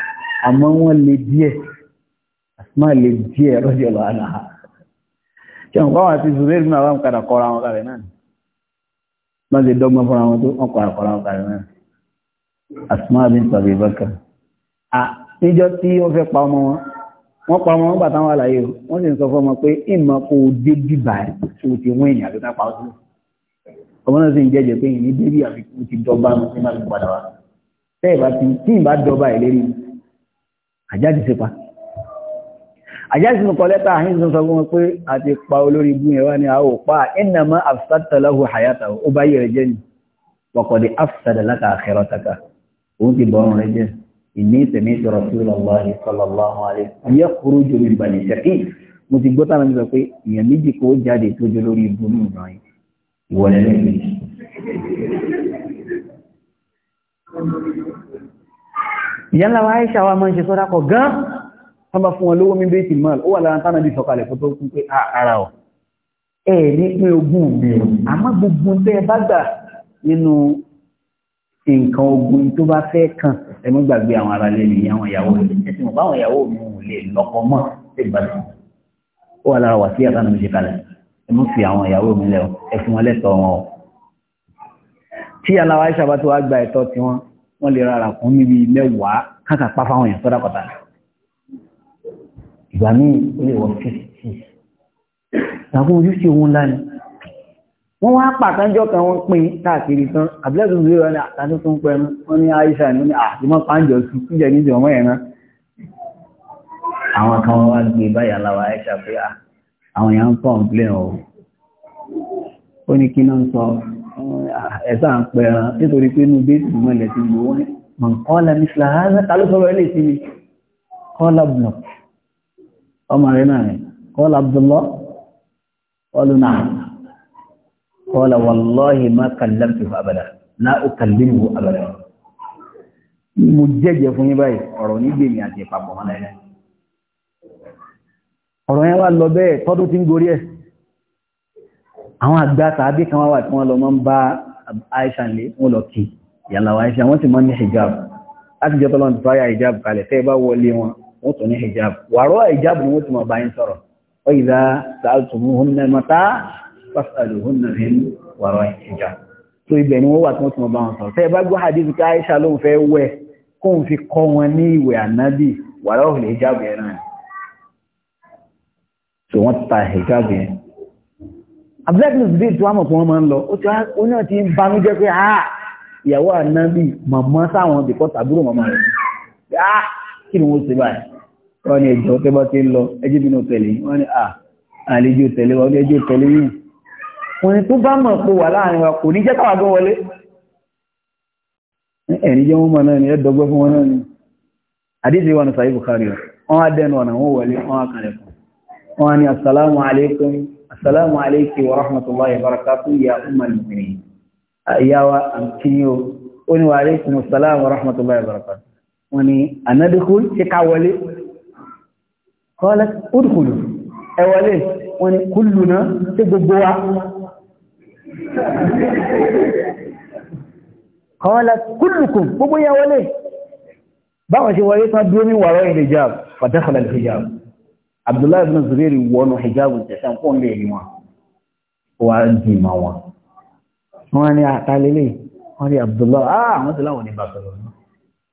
àmọ́ wọ́n lè díẹ̀ asma lè díẹ̀ radiyallahu anha ṣe nǹkan wà sí zubair náà wà ń padà kọ́ra wọn kàrẹ̀ náà wọ́n ti dọ́gbọ́n fúnra wọn tó wọ́n kọ́ra kọ́ra wọn kàrẹ̀ náà asma bint Abi Bakr à níjọ́ tí wọ́n fẹ́ pa ọmọ wọn wọ́n pa ọmọ wọn gbà táwọn wọ́n sì ń sọ fún pé ìmọ̀ kò dé bíbà tó ti wọ́n èèyàn tó tá pa ọmọ náà sì ń jẹ́jẹ́ pé ìní bébí àfikún ti dọ́gba ní máa fi padà wá tẹ́ ìbá ti tí ìbá dọ́gba ẹ̀ lérí àjáde ṣe pa àjáde sínú kọ́lẹ́tà àhín sọ sọ fún wọn pé a ti pa olórí ibú yẹn wá ní àwọ̀ pa innama afsadta lahu hayatahu ó bá yẹrẹ jẹ́ ni waqadi afsada laka akhirataka òun ti bọ̀ ọ̀run rẹ jẹ́ inni sami'tu rasulallahi sallallahu alaihi yakhruju min bani shaqi mo ti gbọ́ tàbí sọ pé èèyàn méjì kó jáde tó jẹ́ lórí ibú nù náà ìwọlẹ̀ lẹ́gbẹ̀ẹ́. ìyáńlá wa Aisha wa máa ń ṣe sọ́dá kọ̀ gan wọ́n bá fún wọn lówó mímbé ti mọ́ ó wà lára tánà bí sọ̀kalẹ̀ kó tó kún pé ah, ara ọ̀ ẹ̀ ní pé ogún mi àmọ́ gbogbo tẹ́ bá gbà nínú nǹkan ogun tó bá fẹ́ kàn ẹ̀mú gbàgbé àwọn ará lé àwọn ìyàwó rẹ̀ ẹ̀sìn mọ̀ báwọn ìyàwó mi lè lọ́kọ mọ́ ṣègbàdàn ó wà lára wà sí àtànà mi ṣe ẹmú fi àwọn ìyàwó mi lẹ ẹ fún wọn lẹ́tọ̀ọ́ wọn o tí aláwa Aisha bá tó wá gba ẹ̀tọ́ tí wọn wọn lè rárá kún níbi mẹ́wàá káàkà pa fáwọn èèyàn sọdá pàtàkì ìgbà míì ó lè wọ fífitì ìgbàgbọ́n ojú sí òun ńlá ni wọ́n wá pàtàkì kan wọ́n pín káàkiri tán àbílẹ̀tún lè rọ ní àtàtú tó ń pẹnu wọ́n ní Aisha ní àtìmọ́ pàǹjọ sí kíjẹ níjọ mọ́ ẹ̀rán àwọn kan wá gbé báyà aláwa Aisha pé ah àwọn èèyàn ń kọ̀m̀plẹ̀ ọ̀ ó ní kí náà sọ ẹ̀sà ń pẹ̀ ẹran nítorí pé inú bẹ́ẹ̀sì mọ́ ilẹ̀ ti gbò wọ́n mọ̀ kọ́lá ní ṣláhánà ta ló sọ̀rọ̀ ilé sí mi kọ́lá bùnà ọmọ rẹ̀ náà rẹ̀ kọ́lá Abdullah kọ́lù náà kọ́lá wallahi má kàlẹ́m tó abàdà náà ó kàlẹ́m tó abàdà mo jẹ́jẹ́ fún yín báyìí ọ̀rọ̀ nígbèmí àti ìpapọ̀ mọ́ náà ọ̀rọ̀ yẹn wá lọ bẹ́ẹ̀ tọ́dún tí ń gorí ẹ̀ àwọn àgbà tàbí kan wá wà tí wọ́n lọ mọ́ ń bá Aisha lé wọ́n lọ kí ìyàlàwà Aisha wọ́n sì mọ́ ní hijab láti jẹ́ tọ́lọ́n tó yá hijab kalẹ̀ fẹ́ bá wọlé wọn wọ́n tún ní hijab wàrọ́ hijab ni wọ́n ti mọ̀ bá yín sọ̀rọ̀ ọ ìdá sa'altumuhunna mata fas'aluhunna min so wọ́n ta hijab yẹn abdullahi bíi tí wọ́n mọ̀ fún wọn ń lọ ó ti ó náà ti ń banú jẹ́ pé ah ìyàwó ànábì màmá sáwọn bìkọ́ tàbúrò màmá rẹ̀ ah kí ni wọ́n ṣe báyìí wọ́n ní ẹjọ́ tẹ́ bá ti ń lọ ẹjẹ́ bínú tẹ̀lé wọ́n ní ah àlejò tẹ̀lé wọ́n ní ẹjọ́ tẹ̀lé yìí wọ́n ní tó bá mọ̀ pé wà láàrin wa kò ní jẹ́ káwà gan wọlé ẹ̀rí jẹ́ wọ́n mọ̀ náà ni ẹ̀dọ́gbẹ́ fún wọn náà ni wọ́n ní assalamu alaikum assalamu alaiki wa rahmatullahi wa barakatuh ya umar mu'minin àyàwá àmkíyó ó ní wa alaikum assalamu wa rahmatullahi wa barakatuh wọ́n ní anadukul ṣe ká wọlé qalat udkhulu ẹ wọlé wọ́n ní kulluna ṣe gbogbo wa qalat kullukum gbogbo ya wọlé báwọn ṣe wọlé tán dúró ní wàrọ̀ ìhìjáb fàdákàlà ìhìjáb abdullahi ibn zubairi wọnú hijabu tẹ̀sán pọ̀ ń lè rí wọn wá dì má wọn wọn ní àtàlélẹ̀ wọn ní abdullahi ah àwọn tó láwọn ní bàbàlọ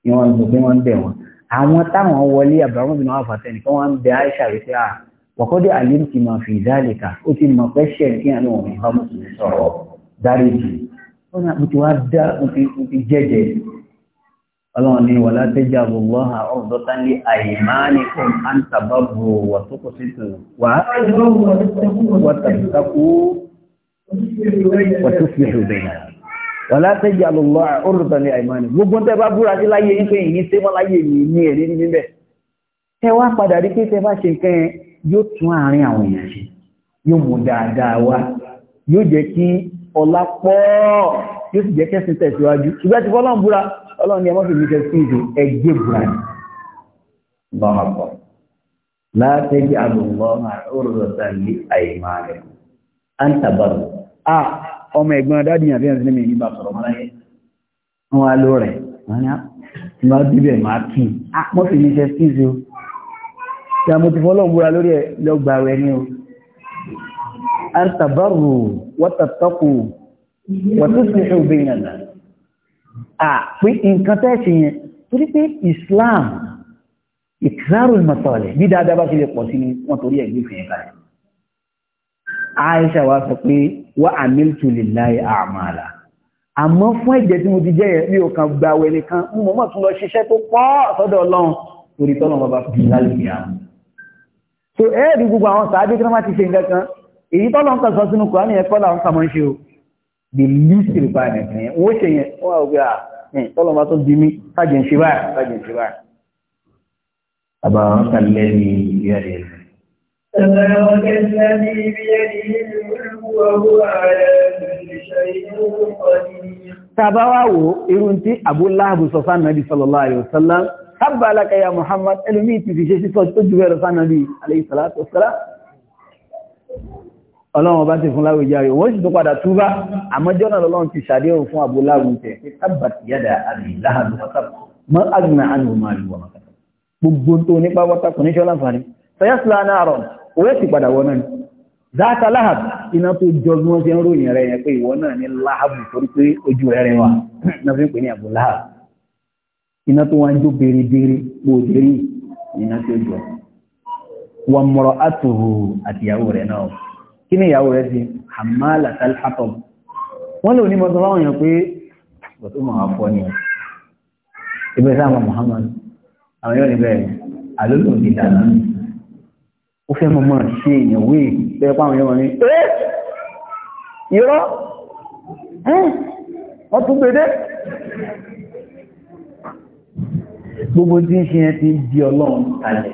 ni wọn sọ pé wọn ń bẹ̀ wọn àwọn táwọn wọlé abdullahi ibn wọn fàtẹ́ nìkan wọn ń bẹ aisha rẹ pé ah wọ́kọ́dé àlímtì máa fi ìdálẹ̀ka ó ti mọ̀ pẹ́ ṣẹ̀ kí àwọn òun ìbámu sọ̀rọ̀ dáríjì ó ní àpótí wá dá òfin jẹ́jẹ́ ọlọ́run ní wala tajabu Allaha urdatan li aymanikum an tabarru wa tuqsitu wà wàtàkù wàtúfìhù bẹ̀rẹ̀ wala tajabu Allaha urdatan li aymanikum gbogbo tẹ bá búra sí láyé nípa èyí tẹ wọ́n láyé mi ní ẹ̀rí ní bíbẹ̀ tẹ wá padà rí pé tẹ bá ṣe nǹkan yóò tún àárín àwọn èèyàn ṣe yóò mú dáadáa wá yóò jẹ́ kí ọlá pọ̀ yóò sì jẹ́ kẹ́sìn tẹ̀síwájú ṣùgbọ́n ti fọ́lọ́n ọlọ́run ni ẹ mọ́fì mi tẹ́sí ìdè ẹgbẹ́ buhari lọ́mọ̀pọ̀ látẹ́jì àlùmọ́ àrùrọ̀tà ní àyèmá rẹ̀ à ń tàbàrù à ọmọ ẹ̀gbọ́n dáàdì yàn fẹ́ràn sílẹ̀ mi ah, bá sọ̀rọ̀ mọ́láyé wọn á lò rẹ̀ wọn á ti máa bíbẹ̀ máa kì í mọ́fì mi àpé nǹkan tẹ́ẹ̀sì yẹn torí pé Islam ìtìsárò ìmọ̀sọ̀lẹ̀ bí dáadáa bá ṣe lè pọ̀ sí ni wọ́n torí ẹ̀gbẹ́ fi ẹ̀ka rẹ̀ Aisha wa sọ pé wa amiltu lillahi a'mala àmọ́ fún ẹ̀jẹ̀ tí mo ti jẹ́ mi ò kàn gba àwẹ̀ nìkan mú mọ́ mọ́ tún lọ ṣiṣẹ́ tó pọ̀ sọ́dọ̀ Ọlọ́run torí tọ́lọ́ bàbá fi lálùmí àwọn so ẹ̀ẹ́dì gbogbo àwọn sàábí tí wọ́n ti ṣe nǹkan kan èyí tọ́lọ́ ń kàn sọ sínú Kùránì ẹ̀kọ́ làwọn kà mọ́ ń ṣe o the least requirement eh? wọ́n ṣe yẹn wọ́n wọ́n gbé à tó di mí kájẹ̀ ń ṣe báyìí kájẹ̀ ń ṣe báyìí. àbá wọn kà lẹ́ni ìyá rẹ̀ lọ. تبارك الذي بيده الملك وهو على كل شيء قدير tabawawo irun tí abúláàbù sọ fánà bí sallallahu alaihi wasallam sábà alákàyà muhammad ẹlòmí ti fi ṣe sí sọ tó jùlọ rẹ̀ fánà bí alaihi salatu ọlọ́run bá ti fún láwùjáre wọ́n sì tó padà túbá àmọ́jọ́ náà lọ́lọ́run ti ṣàdéhùn fún àbò láwùjẹ́ tábàtì yàdà àbì láàrín wọ́tàkù mọ́ àgbìnà àlùmọ́ àlùwọ̀ mọ́tàkù gbogbo tó nípa wọ́tàkù ní ṣọ́lá fàní fẹ́yàsílá náà rọ̀ òwe sì padà wọ́n náà dáta láhàb iná tó jọ bí wọ́n ṣe ń ròyìn rẹ̀ yẹn pé ìwọ náà ní láhàbù iná tó jọ wọ́n mọ̀rọ̀ àtòhò àtìyàwó rẹ̀ náà kí ni ìyàwó rẹ̀ ti àmàlà tàlhátọ̀ wọ́n lè ní mọ́tọ́ láwọn èèyàn pé bọ̀tọ́ mọ̀ wá fọ́ ni ibẹ̀ sáàmà Muhammad àwọn yóò níbẹ̀ àlólò ti dànù ó fẹ́ mọ́ mọ́ ṣe èèyàn wé bẹ́ẹ̀ páwọn yóò ní ẹ́ irọ́ wọ́n tún gbé dé gbogbo tí ń ṣe yẹn ti di ọlọ́run kalẹ̀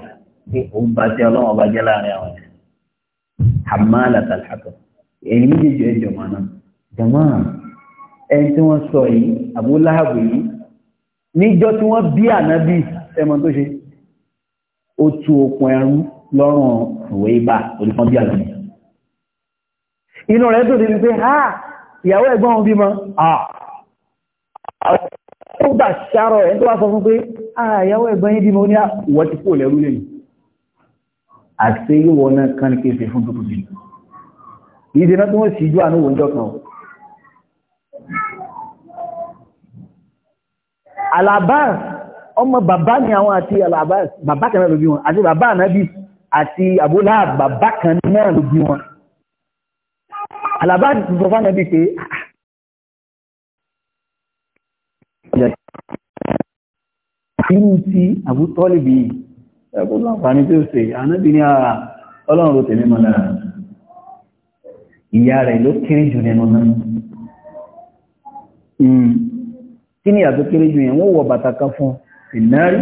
pé òun bá ti ọlọ́run ọba jẹ́ láàrin àwọn hamala talhakọ èyí méjèèjì ẹjọ máa ná jama ẹni tí wọ́n sọ yìí abúláhàbù yìí níjọ́ tí wọ́n bí ànábì ẹmọ tó ṣe ó tú okùn ẹrú lọ́rùn ìwé ibà olùkan bí ànábì inú rẹ̀ tó débi pé ha ìyàwó ẹ̀gbọ́n òun bímọ ó gbà ṣàrọ̀ ẹni tó wá sọ fún pé ah, ìyàwó ẹ̀gbọ́n yìí bímọ ó ní àwọn ah, ti kó lẹ́rú lẹ́yìn àti yíwọ náà kán ní kéèsè fún tó tóbi ìdí náà tó wọ́n sì jú àánú wọ́n jọ́kan alabas ọmọ bàbá ni àwọn àti alabas bàbá kan náà ló bí wọn àti bàbá ànábì àti àbúlá bàbá kan náà ló bí wọn alabas ti sọ fún ànábì pé irú ti àbútọ́lì bíi ẹ̀kọ́ láǹfààní tí ó ṣe ànábì ní ara ọlọ́run hmm. ni àtó kéré jù yẹn wọ́n wọ bàtà kan fún ìnárí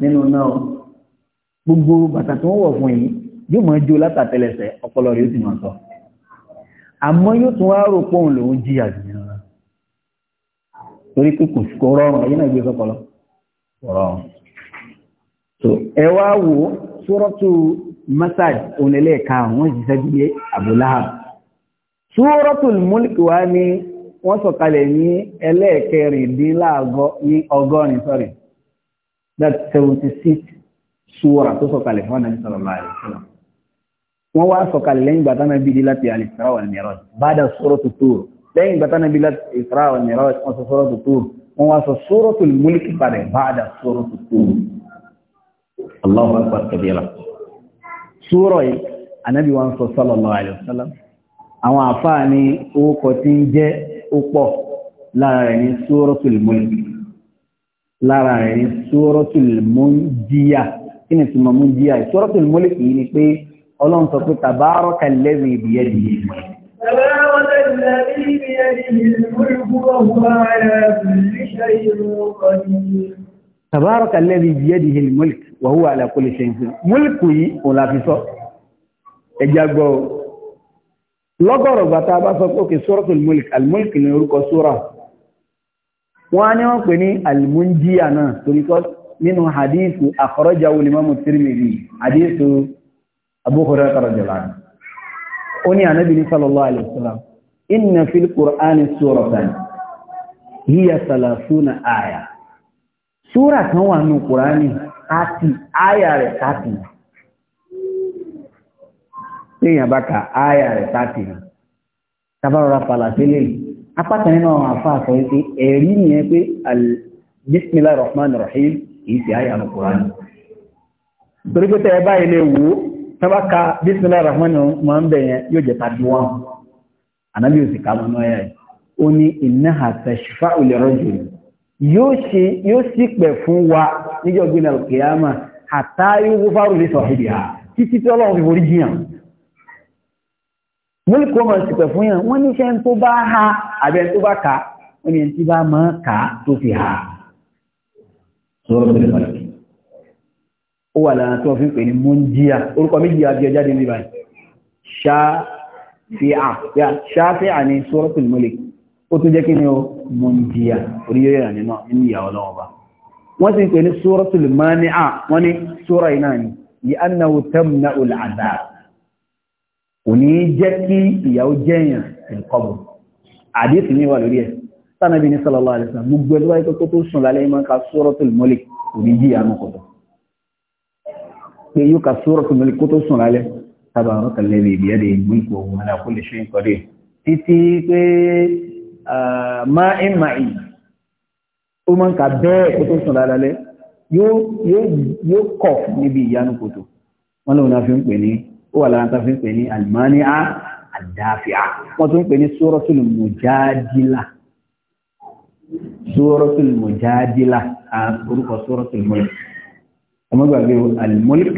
nínú náà gbogbo bàtà tó wọ̀ fún yìí yóò mọ̀ jó látàtẹ́lẹsẹ̀ ọpọlọ rẹ̀ ó sì mọ̀ sọ àmọ́ yóò tún wá rò pọ́ùn lòún jìyà jù nínú náà torí pé kò rọrùn ẹ̀yìn náà so ẹ wá wo sọ́rọ́tù masaj onílẹ̀ karùn-ún wọ́n ti sẹ́jú lé abúláhà sọ́rọ́tù múlìkì wá ní wọ́n sọ̀kalẹ̀ ní ẹlẹ́ẹ̀kẹrìndínláàgọ́ ní ọgọ́rin sorry that seventy six sura tó sọ̀kalẹ̀ fún ọ̀nà sallallahu alaihi wasallam wọ́n wá sọ̀kalẹ̀ lẹ́yìn gbàtà náà bí láti al-Isra wal-Miraj ba'da suratu Tur lẹ́yìn gbàtà náà bí láti al-Isra wal-Miraj sọ suratu Tur wọ́n wá sọ suratul Mulk padà ba'da suratu Tur. Allahu akbar kabira súrọ̀ yìí anábì wọn sọ sallallahu alaihi wasallam àwọn àfáà ní orúkọ tí ń jẹ́ ó pọ̀ lára rẹ̀ ní suratul mulk lára rẹ̀ ní suratul munjiya kí ni túnmọ̀ munjiya suratul mulk yìí ni pé ọlọ́run sọ pé tabaraka allazi biyadihi al-mulk tabaraka alladhi biyadihi almulk wa huwa ala kulli shay'in qadir mulku yìí o la fi sọ eja gbo lọ́gọ̀rọ̀ gba tá bá sọ pé okay suratul mulk almulk ni orúkọ sura wọ́n ní wọ́n pè ní almunjiya náà torí ko nínú hadithu akhrajahu imam tirmidhi hadithu abu hurairah radhiyallahu anhu ṣúra kan wà ní Kùránì àti àyà rẹ̀ tàbí lèyàn bá ka àyà rẹ̀ tàbí tàbárọ̀rà pàlàtẹ́lẹ̀ apáta nínú àwọn àfáà sọ wípé ẹ̀rí nìyẹn pé bismillah rahman rahim kìí sí àyà ní Kùránì ẹ báyìí lè wò ó ka bismillah rahman máa ń bẹ̀ yẹn yóò jẹ́ tàbí wọn ànábì òsì náà yẹn ó ní innaha tashfa'u yóò ṣe yóò sì pẹ̀ fún wa níjọ́ gbìnà kìyàmà àtàrí wúfàrù lè sọ ìdí ha títí tí ọlọ́run fi forí jiyàn múlùkọ́ mọ̀ sí pẹ̀ fún yàn wọ́n níṣẹ́ tó bá ha àbẹ́ tó bá ka wọ́n ní tí bá mọ́ ka tó fi ha sọ́rọ̀ ó wà lára tó fi pè ní mọ́ndíà orúkọ méjì àti ọjáde ṣáfíà ní sọ́rọ̀ tó mọ́lẹ̀kì ó tó jẹ́ kí ni ó mọ̀ ń jìyà oríyẹ́ yà nínú inú ìyàwó lọ́wọ́ bá wọ́n sì pè ní suratul mani'a wọ́n ní sura iná ni yí annahu tamna'ul adab kò ní jẹ́ kí ìyàwó jẹ́yàn ìkọbù àdéhùn ní wà lórí ẹ̀ sánàbí ní sallallahu alaihi wasallam gbogbo ẹgbẹ́ wáyé tó tó sùn lálẹ́ títí pé máa ń máa yìí ó máa ń ka bẹ́ẹ̀ kó tó sùn dáadáa lẹ́ yóò kọ̀ níbi ìyanu kòtò wọ́n lóun náà fi ń pè ní ó wà lára ta fi ń pè ní alimani a àdáfíà wọ́n tún ń pè ní suratul mujadila suratul mujadila orúkọ suratul mulk ọmọ gbàgbé alimulk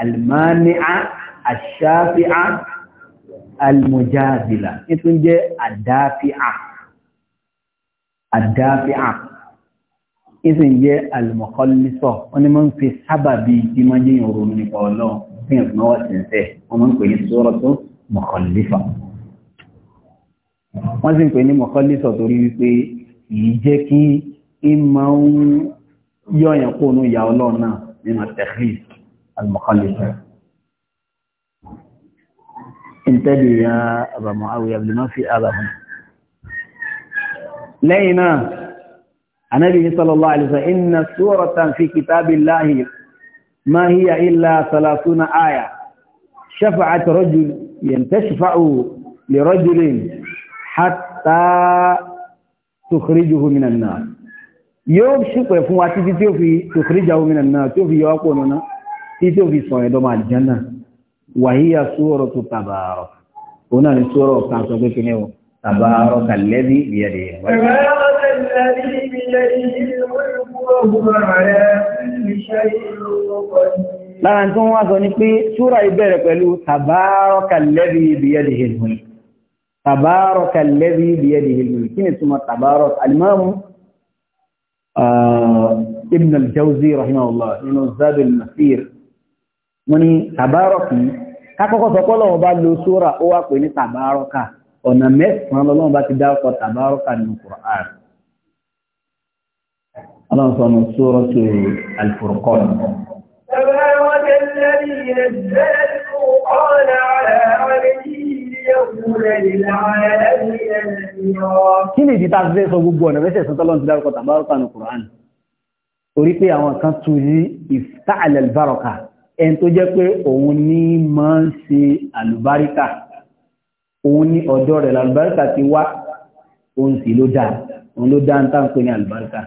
alimani a aṣáfíà almujadila nítorí jẹ́ àdáfíà àdáfíà ìsìn jẹ́ almọ̀kọ́lísọ̀ wọ́n ni mọ́ ń fi sábàbí tí máa jẹ́ ìrònú nípa ọlọ́run fún ẹ̀kùn náà sí ń fẹ́ wọ́n máa ń pè ní sọ́rọ̀ tó mọ̀kọ́lísọ̀ wọ́n sì ń pè ní mọ̀kọ́lísọ̀ torí wípé yìí jẹ́ kí ìmọ̀ ń yọ̀yàn kó nú ìyá ọlọ́run náà nínú tẹ̀lé almọ̀kọ́lísọ̀ انتبه يا أبا معاوية قبل ما في أبا هنا لينا عن النبي صلى الله عليه وسلم إن سورة في كتاب الله ما هي إلا ثلاثون آية شفعت رجل ينتشفع لرجل حتى تخرجه من النار يوم ṣùpẹ̀ fún تخرجه من النار ó fi tòkìríjà omi nàìjíríà tí ó fi yọ wàhíyà sóòrọ̀ tó tàbàárọ̀ òun náà ni sóòrọ̀ kan sọ pé kíní o tàbàárọ̀ kà lẹ́bí ìyẹ̀dẹ̀ yẹn. lára tí wọ́n wá sọ ni pé sóòrọ̀ ìbẹ̀rẹ̀ pẹ̀lú tàbàárọ̀ kà lẹ́bí ìyẹ̀dẹ̀ yẹn. tàbàárọ̀ kà lẹ́bí wọ́n ní tàbárọ̀kì kákọ́kọ́ sọ pé Ọlọ́run bá lo sóra ó wá pè ní tàbárọ̀kà ọ̀nà mẹ́sàn-án lọ́lọ́run bá ti dárúkọ tàbárọ̀kà nínú Qur'an ọlọ́run sọ ní sóra tó Al-Furqan. تبارك الذي نزل الفرقان على عبده Kí ni ìdí tá a fẹ́ sọ gbogbo ọ̀nà mẹ́sẹ̀ sọ tọ́lọ́n ti dárúkọ tàbárọ̀kà ní Qur'an? Orí pé àwọn kan tún yí ìfta'ala al-baraka ẹn tó jẹ́ pé òun ní máa ń ṣe àlùbáríkà òun ní ọ̀dọ́ rẹ̀ làlùbáríkà ti wá òun sì ló dáa òun ló dáa ń tà ń pè ní àlùbáríkà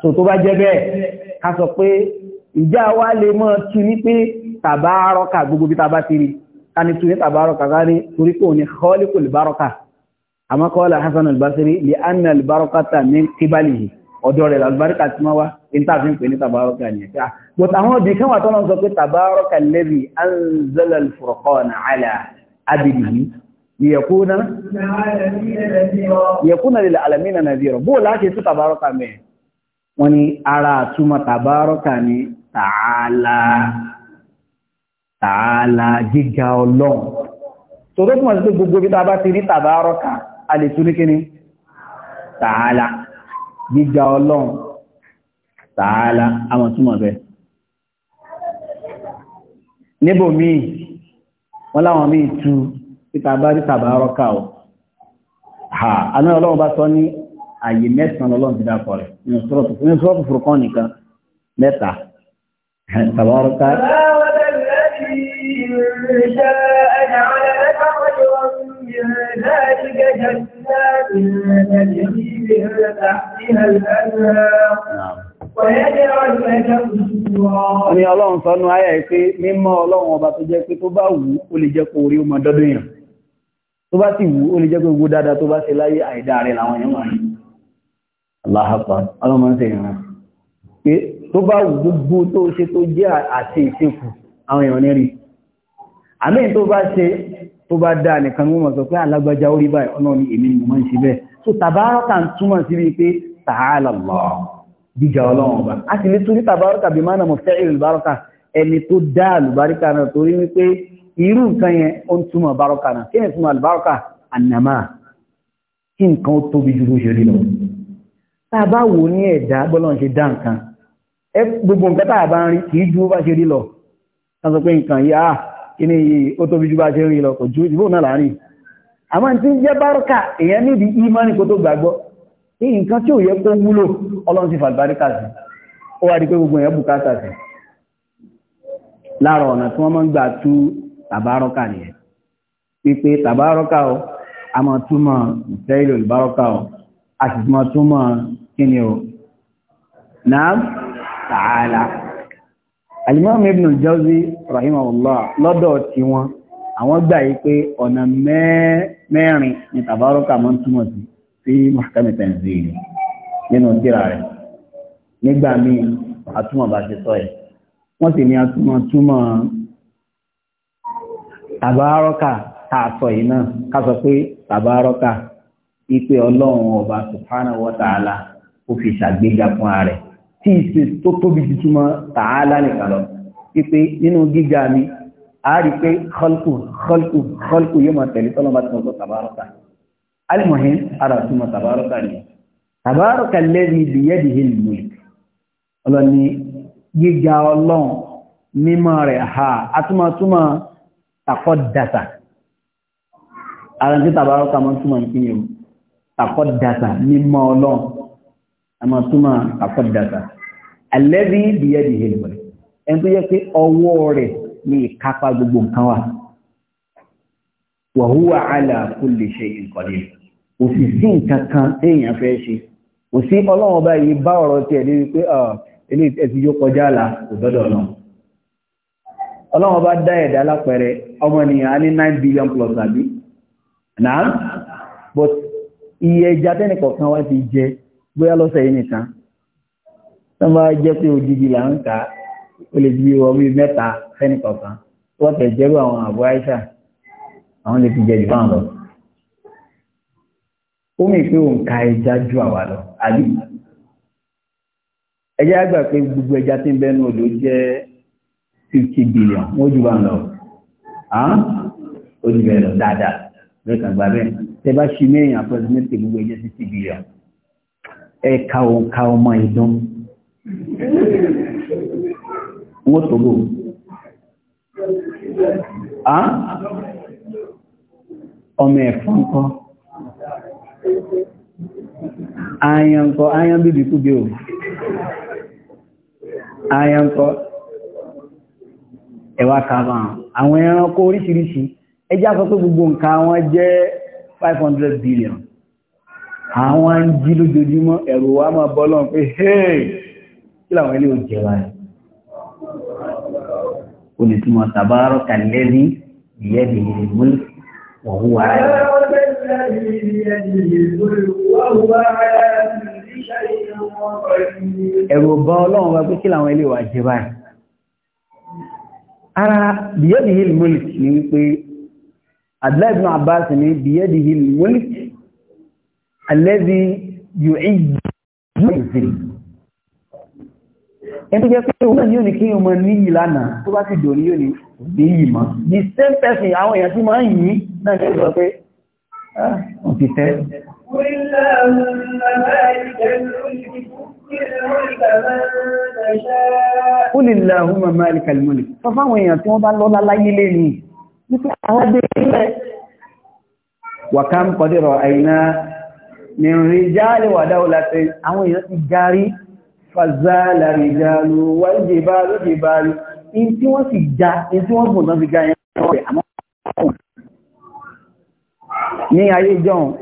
so tó bá jẹ́ bẹ́ẹ̀ ká sọ pé ìjà wa lè mọ́ tu ní pé tàbárọ́kà gbogbo bí tàbá ti rí ká ní tu ní tàbárọ́kà ká ní torí pé òun ní kọ́líkò lè bárọ́kà àmọ́ kọ́lá Hasan al-Basri li anna al-barakata min qibalihi ọ̀dọ̀ rẹ̀ lálùbáríkà tí wọ́n wá ìntàfin pè ní tàbárọ́kà ní ẹ̀ká but àwọn ọdí kan wà tọ́lọ́ sọ pé tàbárọ́kà lẹ́bí anzalal furqana ala abdihi liyakuna liyakuna lil alamina nadhira bó láti tú tàbárọ́kà mẹ́ wọ́n ní ara àtúmọ̀ tàbárọ́kà ní ta'ala ta'ala gíga ọlọ́run tó tó túnmọ̀ sí gbogbo bí tá tàbárọ́kà a tún ní kíní ta'ala gíga ọlọ́run tààlà amọ̀túnmọ̀ bẹ́ níbò míì wọ́n láwọn míì tú títà bá rí tàbá rọ́kà ọ̀ ha aná ọlọ́run bá sọ ní àyè mẹ́sàn-án ọlọ́run ti dákọ̀ rẹ̀ nínú sọ́ọ̀tù fúrukọ́ nìkan mẹ́ta tàbá rọ́kà من ذلك جنات فيها الأنهار ويجعل لك قصورا ni ọlọ́run sọ́nú ayẹ́ ìpé mímọ́ ọlọ́run ọba tó jẹ́ pé tó bá wù ó lè jẹ́ kó orí ọmọ dọ́dún èèyàn tó bá sì wù ó lè jẹ́ pé gbogbo dáadáa tó bá ṣe láyé àìdá rẹ̀ làwọn èèyàn wà ní aláhàpá ọlọ́mọ ń ṣe ìran pé tó bá wù gbogbo tó ṣe tó jẹ́ àti ìṣekù àwọn èèyàn ní rí àmì tó bá ṣe tó bá dá nìkan mú mọ̀ sọ pé alágbájá orí báyìí ọlọ́run èmi ni mo máa ń ṣe bẹ́ẹ̀ tó tàbárọ́kà ń túmọ̀ síbi pé ta'ala Allah jíjà ọlọ́run ọba a sì lè tún ní tàbárọ́kà bí mánà mọ̀ fẹ́ ìrìn bárọ́kà ẹni tó dá àlùbáríkà náà torí wípé irú nǹkan yẹn ó ń túmọ̀ bárọ́kà náà kí ni túmọ̀ àlùbáríkà ànàmà kí nǹkan ó tóbi ju bó ṣe rí lọ tá a bá wò ní ẹ̀dá bọ́lọ́n ṣe dá ah, ni ó tóbi ju bá ṣe rí lọ kò ní nǹkan tí ò yẹ kó wúlò ọlọ́run ti fàlbáríkà sí ó wá rí pé gbogbo èèyàn bùkátà sí lára ọ̀nà tí wọ́n máa ń gbà tú tàbárọ́kà nìyẹn pípé tàbárọ́kà o a máa túmọ̀ ìtẹ́lẹ̀ olùbárọ́kà o a sì máa túmọ̀ kíni o náà tààlà alimami ibn al-Jawzi rahimahullah lọ́dọ̀ tí wọ́n àwọn gbà yí pé ọ̀nà mẹ́rin ni tàbárọ́kà máa ń túmọ̀ sí sí mahakami tanzil nínú tíra rẹ̀ nígbà míì àtúmọ̀ bá ṣe sọ ẹ̀ wọ́n sì ní àtúmọ̀ túmọ̀ tàbárọ́kà tààtọ̀ yìí náà ká sọ pé tàbárọ́kà ipe ọlọ́run ọba subhanahu wa ta'ala ó fi ṣàgbéga fún ààrẹ tí ìṣe tó tóbi jù túmọ̀ ta'ala nìkan lọ ipe nínú gíga mi a rí pé khalqu khalqu khalqu yóò máa tẹ̀lé tọ́lọ́mà tí wọ́n sọ tàbárọ́kà almuhim ara túnmọ̀ tàbárọ̀kà ni tàbárọ̀kà lẹ́rí biyadihi al-mulk ọlọ́ni gíga ọlọ́run mímọ́ rẹ̀ ha atúmọ̀túmọ̀ takọ́ data ara tí tàbárọ̀kà mọ́ túnmọ̀ kí ni takọ́ data mímọ́ ọlọ́run àmọ́ túnmọ̀ takọ́ data alẹ́rí biyadihi al-mulk ẹni tó yẹ pé ọwọ́ rẹ̀ ní ìkápá gbogbo nǹkan wà wa huwa ala kulli shay'in qadir kò sì sí nǹkan kan téèyàn fẹ́ ṣe kò sí ọlọ́run bá yìí bá ọ̀rọ̀ tiẹ̀ ní wípé ah, ilé ẹ̀sìn yóò kọjá àlà kò dọ́dọ̀ náà ọlọ́run bá dá ẹ̀dá lápẹẹrẹ ọmọnìyàn á ní nine billion plus àbí náà but iye ẹja tẹ́nìkọ̀ọ̀kan wá ti jẹ bóyá lọ́sẹ̀ yìí nìkan tó máa jẹ́ pé òjijì là ń kà ó lè di wọ́n bíi mẹ́ta fẹ́nìkọ̀ọ̀kan wọ́n tẹ̀ jẹ́rú àwọn àbúráìṣà àwọn lè fi jẹ jù báwọn lọ ó mì pé òun ka ẹja ju àwa lọ àbí ẹja àgbà pé gbogbo ẹja tí ń bẹnu odò jẹ́ fifty billion wọ́n jù bá ń lọ ó jù bẹ́ẹ̀ lọ dáadáa lẹ́ẹ̀kan gba bẹ́ẹ̀ tẹ bá ṣi mẹ́rin approximately gbogbo ẹja sixty billion ẹ ka òun ka ọmọ ìdán wọ́n tó ọmọ ẹ̀fọn kan. Ayan kọ, ayan bíbí kú bí o. Ayan kọ, ẹwà kàbà àwọn ẹranko oríṣiríṣi, ẹjá sọ pé gbogbo nǹkan wọn jẹ́ 500 billion. Àwọn ń jí lójoojúmọ́ ẹ̀rù wa máa bọ́lọ́n pé, hey, kí làwọn ilé ò jẹ́ wáyé? Olùtumọ̀ tàbárọ̀ kàlẹ́rí ìyẹ́dìí mú wọ̀húwà rẹ̀. Ẹ̀rù bá ọlọ́run wa pé kí làwọn ilé wa jẹ báyìí. Ara bìyẹ́dì hill mulk ni wípé, Adláìbìn Abbas ni bìyẹ́dì hill mulk, alẹ́bí yóò ìjì ẹni jẹ́ pé òun náà yóò ní kí o mọ ní ìlànà tó bá ti dò ní yóò ní ìmọ̀. the same person àwọn èèyàn tí máa ń yìí náà ṣe sọ pé Wọ́n ti tẹ́. Qulillahumma malikal mulk. Sọ fáwọn èèyàn tí wọ́n bá lọ́lá láyé lè ní. Nípa àwọn gbé ilẹ̀. Wa kam qad ra'ayna min rijali wa dawlatin. Àwọn èèyàn ti jarí. Fazala rijalu wal jibalu jibalu. In tí wọ́n sì já, in tí wọ́n gùn tán fi já yẹn ní ayé jọun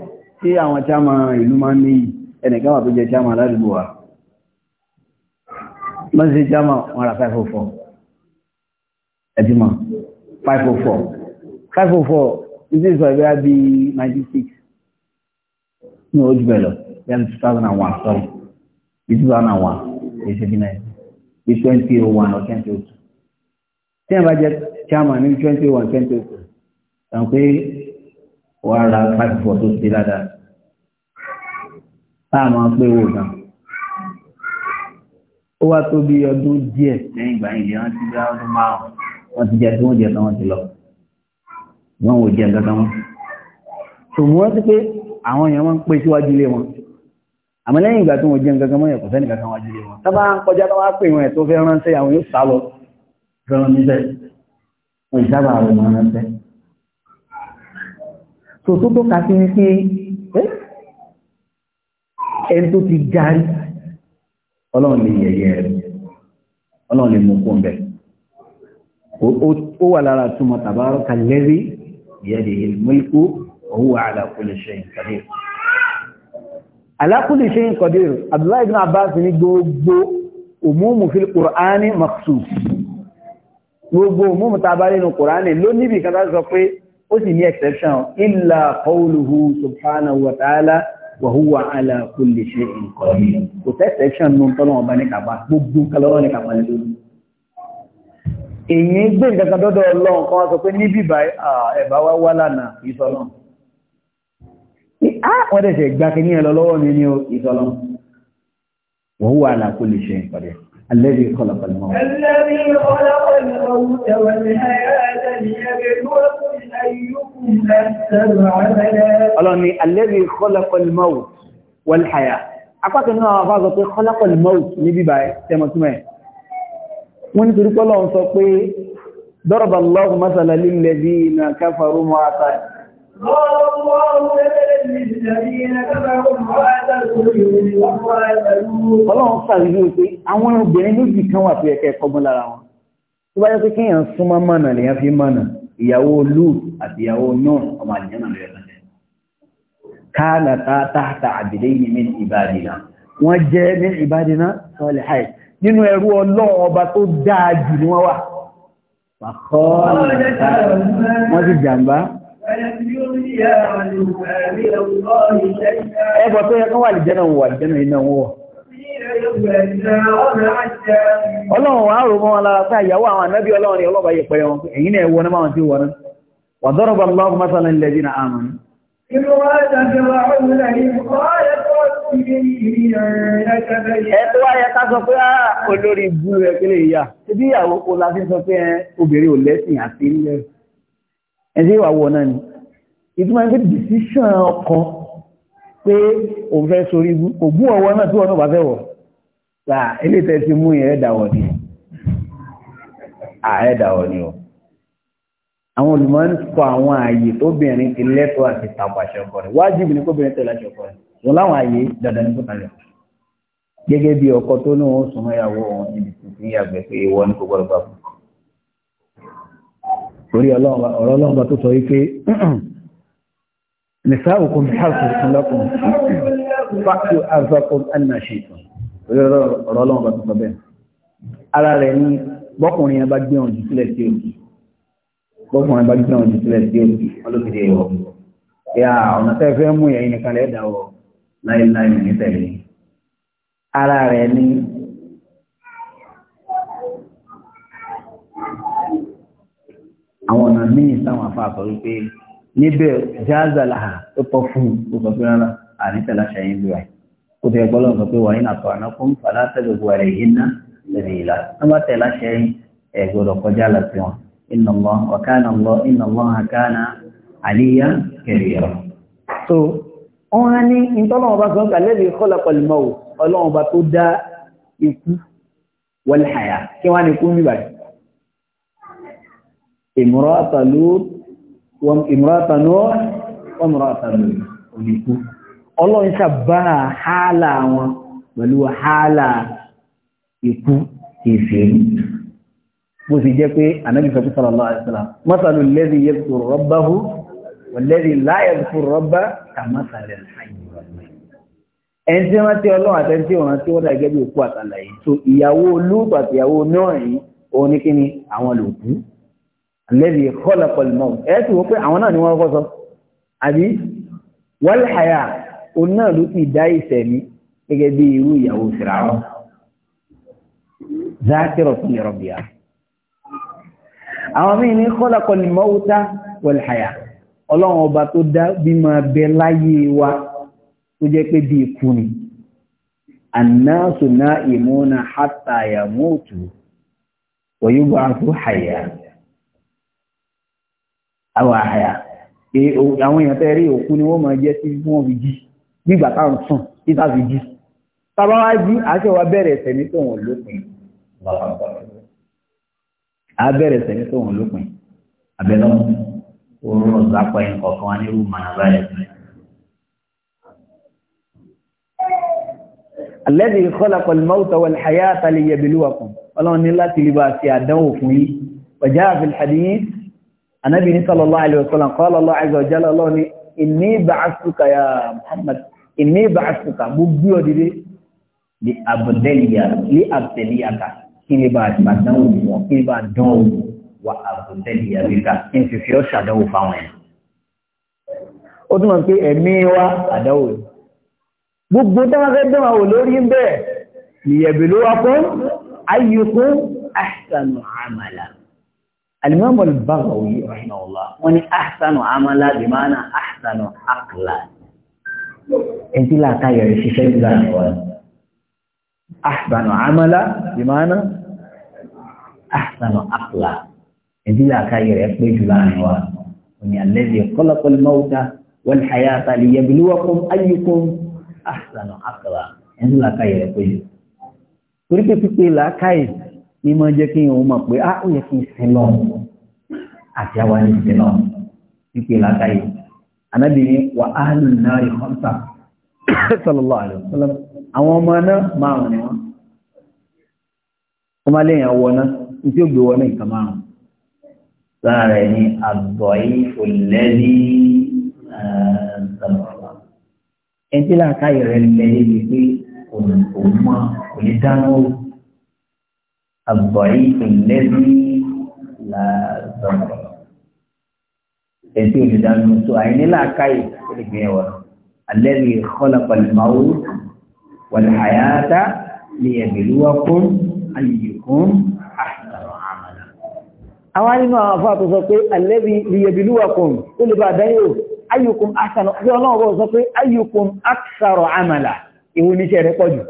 tí àwọn chama ìlú máa ń níyì ẹnìkan wà tó jẹ chama aládùúgbò wa wọ́n sì chama wọn ra 504 ẹ̀dìmọ̀ 504 504 ìdí ìsọ̀ ìgbéra bí 96 ní ojú bẹ̀ lọ yẹn 2001 sorry 2001 èsì bí náà bí 2001 or 2002 tí wọ́n bá jẹ chama ní 2001 2002 tàn pé wàá ra five four tó ṣe dáadáa táà máa pé wò náà ó wá tó bí ọdún díẹ̀ lẹ́yìn ìgbà yìí wọ́n ti gbá ọdún márùn wọ́n ti jẹ tí wọ́n jẹ tán wọ́n ti lọ wọ́n ò jẹ nǹkan kan wọn. ṣùgbọ́n wọ́n ti pé àwọn èèyàn máa ń pè síwájú ilé wọn àmọ́ lẹ́yìn ìgbà tí wọ́n jẹ nǹkan kan wọ́n yẹ sẹ́nìkan kan wájú ilé wọn. tá ń kọjá tó wá pè wọn ẹ̀ tó fẹ́ ránṣẹ́ àwọn yóò sá lọ fẹ́ràn níṣẹ́ wọn ìsábà rẹ̀ máa ránṣẹ́ tòótọ́ tó kà sí ni pé ẹni tó ti jarí ọlọ́run lè yẹ̀yẹ́ rẹ̀ ọlọ́run lè mú fún bẹ́ẹ̀ ó wà lára túmọ̀ tabaraka allazi biyadihil mulku wa huwa ala kulli shay'in qadir ala kulli shay'in qadir Abdullah ibn Abbas ní gbogbo umumu fil Qur'ani makhsus gbogbo umumu tabarí nínú Qur'ani ló níbi kan sọ pé ó sì ní exception illa qawluhu subhanahu wa ta'ala wa huwa ala kulli shay'in qadir kò tẹ́ exception nù tọ́lọ̀ ọba ní kàpá gbogbo kalọ́rọ́ ní kàpá nínú èyí gbé nǹkan kan dọ́dọ̀ ọlọ́run kan wá sọ pé níbí ẹ̀bá wá wá lánàá الذي خلق الموت الذي خلق الموت والحياة ليبلوكم Ọlọ́run ni alẹ́rí kọ́lọ́kọ́lmọ́wù wọlhàyà. Apákan náà wọ́n sọ pé kọ́lọ́kọ́lmọ́wù ní bíbá tẹmọ̀túnmọ̀ ẹ̀. Wọ́n ni torí pọ́lọ́ sọ pé dọ́rọ̀bàlọ́wù mọ́sàlá lílẹ̀ bí na káfàrú mọ́ Ọlọ́run sàrírí pé àwọn obìnrin méjì kan wà pé ẹ̀kẹ́ kọgbọ́n lára wọn. Tó bá yẹ ìyàwó Lut àti ìyàwó Nuh ọmọ àdìjánà lọ́yọ̀ kan jẹ́ káàlà táàtà àbìdé yìí min ìbádìnà wọ́n jẹ́ min ìbádìnà sọ́ọ̀lẹ̀ àì nínú ẹrú Ọlọ́run ọba tó dáa jù ni wọ́n wà wọ́n ti jàǹbá ẹgbọ́ tó yẹ kán wà lè jẹ́ Ọlọ́run wá rò mọ́ alára pé àyàwó àwọn ànábí ọlọ́run ni ọlọ́bàá yẹ pẹ̀ wọn, èyí náà ẹwọ náà tí wọ́n náà. Wà dọ́rọ̀ bá lọ́wọ́ mọ́sánà ilẹ̀ jìnà àmì. Ẹ̀tọ́ ayẹ ká sọ pé á ah, olórí bú eh, decision ọkọ pé òun fẹ́ sorí ogún ọwọ́ náà tí wọ́n náà bá fẹ́ wọ̀ ta ilé tẹ́ ti mú yẹn ẹ̀dàwọ̀ ni ẹ̀dàwọ̀ ni o àwọn olùmọ̀ ń kọ àwọn ààyè tóbìnrin ti lẹ́tọ̀ọ́ àti tàpá ṣọkọ rẹ̀ wájìbì ni kóbìnrin tẹ̀lé ṣọkọ rẹ̀ wọn láwọn ààyè dandan ní kókà rẹ̀ gẹ́gẹ́ bí ọkọ tó ní òun sùnmọ́ ìyàwó òun níbi tí ń yàgbẹ́ pé ìwọ ní kò gbọ́dọ̀ fún torí ọ̀rọ̀ ọlọ́ọ̀bá tó sọ wípé nìsáàkùn bí hàkùn fún lọ́kùn fáàkùn àzọkùn ànàṣìtàn ọ̀rọ̀ ọlọ́run bá tuntun bẹ́ẹ̀ ara rẹ̀ ní bọ́kùnrin yẹn bá gbé ọ̀jù sílẹ̀ sí òkè bọ́kùnrin yẹn bá gbé ọ̀jù sílẹ̀ sí òkè ọlọ́kìdí ẹ̀yọ ya ọ̀nà tẹ́ fẹ́ mú ẹ̀yin nìkan lẹ́ dà ọ láéláé ní tẹ̀lé ara rẹ̀ ní àwọn ọ̀nà míì táwọn afá sọ wípé níbẹ̀ jáàzà làhà tó tọ́ fún òkòtò rárá àníṣẹ́ láṣẹ yín lóyè kó tẹ gbọ́dọ̀ sọ pé wàá iná tọ́ àná fún fàlà tẹ́lẹ̀kù rẹ̀ yìí ná lẹ́nu ìlà wọ́n bá tẹ̀ láṣẹ ẹ̀ gbọ́dọ̀ kọjá lọ sí wọn iná lọ ọ̀kánà lọ iná lọ àkánà àníyá kẹrìírọ̀. so wọn á ní ìtọ́lọ́wọ́n bá sọ pé alẹ́ lè kọ́lá pẹ̀lú mọ́wò ọlọ́wọ́n bá tó dá ikú wọlé àyà kí wọ́n á ní kú níbà ìmúra àtàlú ìmúra ọlọ́run ṣàbára hálà wọn pẹ̀lú hálà ikú ìfèrí bó sì jẹ́ pé anábì sọ pípọ̀ lọ́wọ́ àìsílá mọ́sàlù lẹ́dí yẹ kúrò rọ́bá hù wọ̀lẹ́dí láyẹ̀ kúrò rọ́bá kà mọ́sàlẹ̀ ẹni tí wọ́n tí ọlọ́run àtẹ́ni tí wọ́n tí wọ́n dà gẹ́gẹ́ bí òkú àtàlà yìí so ìyàwó lúùtù àti ìyàwó náà òun náà ló ti dá ìsẹ̀mí gẹ́gẹ́ bí irú ìyàwó Fíráò zakiratun li rabbiha àwọn míì ní khalaqal mawta wal haya ọlọ́run ọba tó dá bí máa bẹ láyé wa tó jẹ́ pé bí ikú ni annasu na'imuna hatta yamutu wa yub'athu hayya àwọn àyà àwọn èèyàn tẹ́rí òkú ni wọ́n máa jẹ́ sí wọ́n fi jí gbígbà táwọn sùn títà fi jí tàbá wá jí àṣẹ wa bẹ̀rẹ̀ ẹ̀sẹ̀ ní tòun lópin a bẹ̀rẹ̀ ẹ̀sẹ̀ ní tòun lópin abẹ́lọ́ oorun ọ̀zápọ̀ ẹ̀yìn kọ̀ọ̀kan wá nírú màá báyìí alẹ́dì ìkọlọ̀kọ̀ ìmọ̀ọ́tọ̀ wọ̀lẹ̀ àyà àtàlẹ̀ yẹ̀bìlúwàkùn ọlọ́run ní láti lè bá ṣe àdánwò fún yí ọjá àfihàdìyí anábìní sallallahu alaihi wasallam qala Allahu ìní ìbá àṣùkà bó gbé ọ dìde lè àbùdẹ́lìyà lè àbùdẹ́lìyàkà kí ni bá àdánwò wọn kí ni bá dán o wà àbùdẹ́lìyà bíkà kí n fi fi ọ́ ṣàdánwò fáwọn ẹ̀. ó túmọ̀ pé ẹ̀mí wa àdánwò gbogbo táwọn fẹ́ dán àwọn olórí ń bẹ́ẹ̀ ìyẹ̀bì ló wá fún ayyukun ahsanu amala alimami al-Baghawi rahimahullah wọn ni ahsanu amala bi maana ahsanu aqlan ẹni tí làákàyè rẹ̀ ṣiṣẹ́ jù láàrin wa ahsanu amala ìmáná ahsanu akla ẹni tí làákàyè rẹ̀ pé jù láàrin wa òní alladhi khalaqa al-mawta wal-hayata liyabluwakum ayyukum ahsanu akla ẹni tí làákàyè rẹ̀ pé jù torí pé ni máa jẹ́ kí òun mọ̀ pé ah ó yẹ kí n sin lọ àti àwa ní sin lọ pípé làákàyè anábì ní wà áàlù náà rí khamsa sallallahu alaihi wasallam àwọn ọmọ náà márùn ni wọn ọmọ lẹ́yìn àwọn náà tí ó gbé wọn náà nǹkan márùn lára rẹ̀ ní àgbọ̀yí fòlẹ́lì ṣàlọ́wọ́ ẹni tí láàkáyì rẹ̀ lẹ́yìn ni pé òun mọ kò lè dáná o àgbọ̀yí fòlẹ́lì ṣàlọ́wọ́ ẹ̀ntì olùdánu tó àìnílà káyì ó lè gbé ẹwà alẹ́rì kọ́lápàl máwó wàlẹ̀ àyáta lè ẹ̀bẹ̀lúwà kún ayìyè kún àṣàrọ̀ àmàlà. àwọn nínú àwọn afọ àtúnṣe pé alẹ́rì lè ẹ̀bẹ̀lúwà kún ó lè bá dáyò ayùkún àṣàrọ̀ bí ọlọ́run bọ̀ sọ pé ayùkún àṣàrọ̀ àmàlà ìwọ oníṣẹ́ rẹ̀ pọ̀ jù.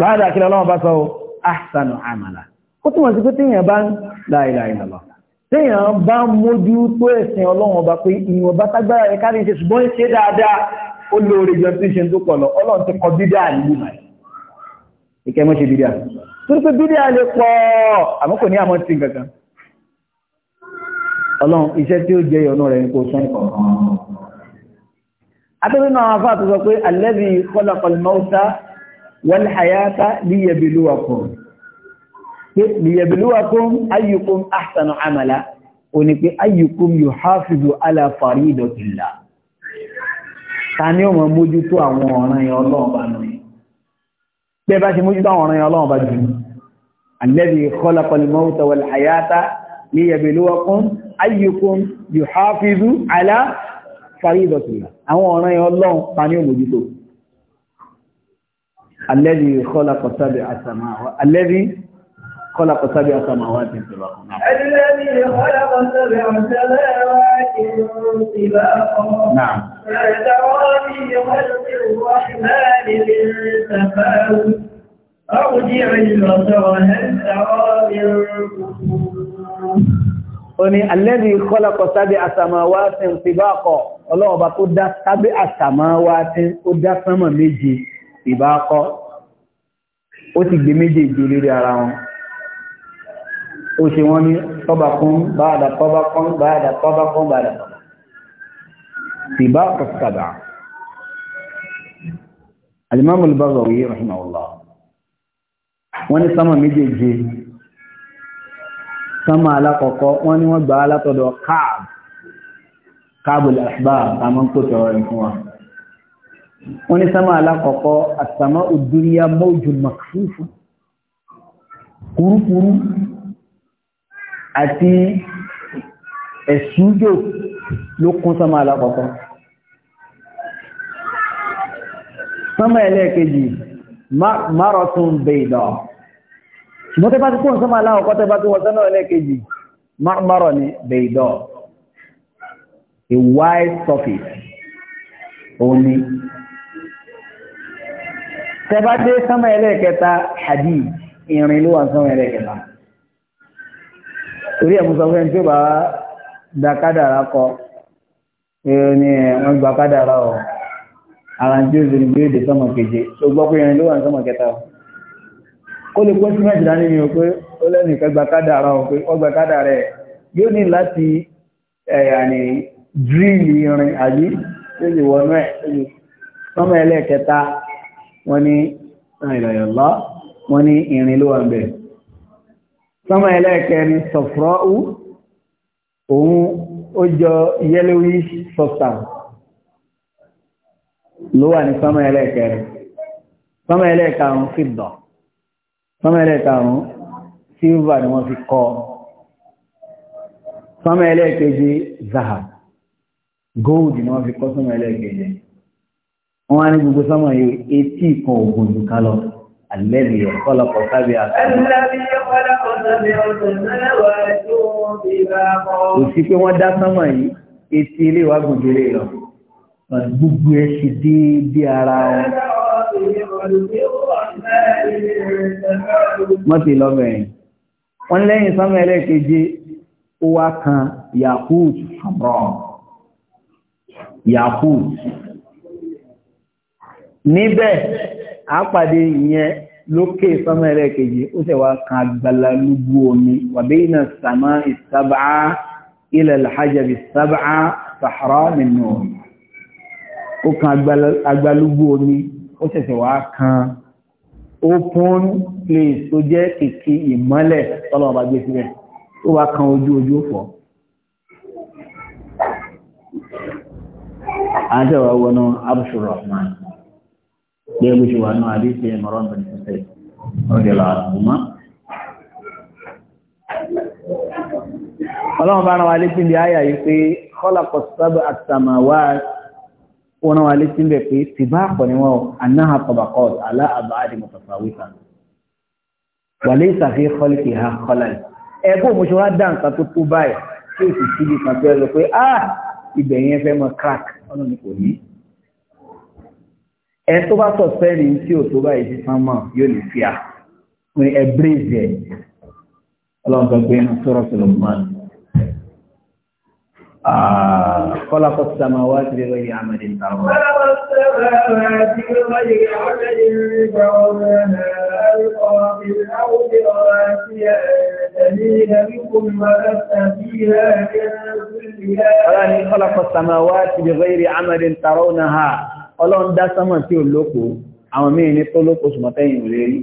ráàdà kí lọ́wọ́ bá sọ àṣàrọ̀ àmàlà ó túmọ̀ sí pé téèyàn bá ń láìláìlọ́lọ́ téèyàn bá mójú tó ẹ̀sìn ọlọ́run ọba pé ìwọ̀n bá tágbára rẹ̀ kárí ṣe ṣùgbọ́n ṣe dáadáa ó lóore jọ tí ṣe tó pọ̀lọ̀ ọlọ́run ti kọ bídá nílùú báyìí ìkẹ́ mọ́ ṣe bídá torí pé bídá lè pọ̀ àmọ́ kò ní àmọ́ sí kankan ọlọ́run iṣẹ́ tí ó jẹ́ ìyọnu rẹ̀ ni kò sọ nìkan abẹ́rẹ́ náà afá tó sọ pé alladhi khalaqa al-mawta wal hayata liyabluwakum pé liyabluwakum ayyukum ahsanu amala ó ní pé ayyukum yuhafizu ala faridatillah ta ni ó mọ̀ mójútó àwọn ọ̀ràn yẹn ọlọ́run bá nù bẹ́ẹ̀ bá ṣe mójútó àwọn ọ̀ràn yẹn ọlọ́run bá jù alladhi khalaqal mawta wal hayata liyabluwakum ayyukum yuhafizu ala faridatillah àwọn خلق سبع سماوات سباقا نعم الذي خلق سبع سماوات سباقا نعم ما ترى في خلق الرحمن من تفاوت ارجع البصر هل ترى من Oni alẹ́bí kọ́lọ̀kọ̀ sábé àsàmàwá tí ń ti bá kọ̀, ọlọ́ọ̀bá tó dá sábé àsàmàwá tí ó dá sánmà méje ìbá kọ́, ó ti gbé méje ìgbèrè ara wọn ó ṣe wọ́n ní tọ́bà kún báadà tọ́bà kún báadà tọ́bà kún báadà tìbá kọ̀kàdà alimami al-Baghawi rahimahullah wọ́n ní sámà méjèèjì sámà alákọ̀ọ́kọ́ wọ́n ní wọ́n gbà látọ̀dọ̀ káàb káàbù al-ahbab àmọ́ kò tọrọ rẹ̀ fún wa wọ́n ní sámà alákọ̀ọ́kọ́ as-sama'u ad-dunya kúrúkúrú àti ẹ̀sùjò ló kún sánmà alákọ̀ọ́kọ́ sánmà ẹlẹ́ẹ̀kejì márọ̀tún bèèdọ̀ ṣùgbọ́n tẹ́ bá ti kún sánmà alákọ̀ọ́kọ́ tẹ́ bá ti wọ́n sánmà ẹlẹ́ẹ̀kejì márọ̀ ni bèèdọ̀ a wide surface òní tẹ́ bá dé sánmà ẹlẹ́ẹ̀kẹta hadid ìrìn ló sánmà ẹlẹ́ẹ̀kẹta torí ẹ̀ mú sọ fún ẹni tí ó bá da kádàrá kọ ẹ̀rọ ni wọ́n gba kádàrá ọ̀ ara tí ó zòrò bí èdè sọmọ keje tó gbọ́ pé ẹni ló wà ní sọmọ kẹta ó lè pọ́n símẹ́ǹtì dání ni o pé ó lẹ́nu ìfẹ́ gba kádàrá ọ̀ pé ó gba kádàrá ẹ̀ yóò ní láti ẹ̀yàní dírìlì irin àbí tó lè wọnú ẹ̀ sọmọ ẹlẹ́ẹ̀kẹta wọ́n ní ìrìnlọ́yọ̀ ló wà ń bẹ̀rẹ̀ sọ́mọ́ ẹlẹ́ẹ̀kẹrin sọ̀fọ́rọ́ù òun ó jọ yellowish substance ló wà ní sọ́mọ́ ẹlẹ́ẹ̀kẹrin sọ́mọ́ ẹlẹ́ẹ̀karùn fi dọ̀ sọ́mọ́ ẹlẹ́ẹ̀karùn silver ni wọ́n fi kọ́ sọ́mọ́ ẹlẹ́ẹ̀kejì zahab gold ni wọ́n fi kọ́ sọ́mọ́ ẹlẹ́ẹ̀kejì wọ́n á ní gbogbo sọ́mọ́ yìí etí kan ògùn jù الذي خلق سبع الذي خلق سبع سماوات طباقا òsì pé wọ́n dá sánmà yìí etí ilé wa gùn lé lọ gbogbo ẹ ṣe déédé ara wọn wọ́n ti lọ wọ́n lẹ́yìn sánmà ẹlẹ́ẹ̀keje ó wá kan yakut hamra yakut níbẹ̀ àpàdé ìyẹn lókè sánmà rẹ̀ kejì ó sì wá kan àgbàlá lúgbú omi wàbí iná sàmá ìsábà ilẹ̀ alhajjabi sábà sàhárá nínú omi ó kan àgbàlúgbú omi ó ṣẹ̀ṣẹ̀ wá kan open place tó jẹ́ kìkì ìmọ́lẹ̀ tọ́lọ̀ gbé sílẹ̀ ó wá kan ojú ojú fọ́ àjẹ́wà wọnà abṣùrọ̀ máa gẹ́gẹ́ bó ṣe wà ní àdéhùn ìmọ̀ràn bẹ̀rẹ̀ sẹ́sẹ̀ ọ̀dẹ̀ là àdùnmá. ọlọ́run bá rán wa létí bí àyà yìí pé kọ́lákọ̀ sábà àtàmàwá ó rán wa létí bẹ̀ pé ti bá pọ̀ níwọ̀n anáhà pọ̀bàkọ́ alá àbá àdìmọ̀ pàpà wíta wà lè ṣàfi kọ́lìkì ha kọ́lá ẹ̀ mo ṣe wá dá nǹkan tó tó báyìí tí ó sì ah ibẹ̀ yẹn fẹ́ mọ crack ọlọ́run kò ní ẹ tó bá sọ sẹ́ẹ̀lì tí ò tó báyìí sísan mọ̀ yóò lè fi à pé ẹ bírèzì ẹ inú sọ̀rọ̀ tó Kọ́lá kọ́ sàmà wá sí ẹgbẹ́ yìí àmàdé ń tàrọ̀. Kọ́lá ní kọ́lá kọ́ sàmà wá sí ẹgbẹ́ yìí àmàdé ń tàrọ̀ náà ọlọ́run dá sánmọ̀ tí ò lóko àwọn míì ní tó lóko ṣùgbọ́n tẹ́yìn ò lè rí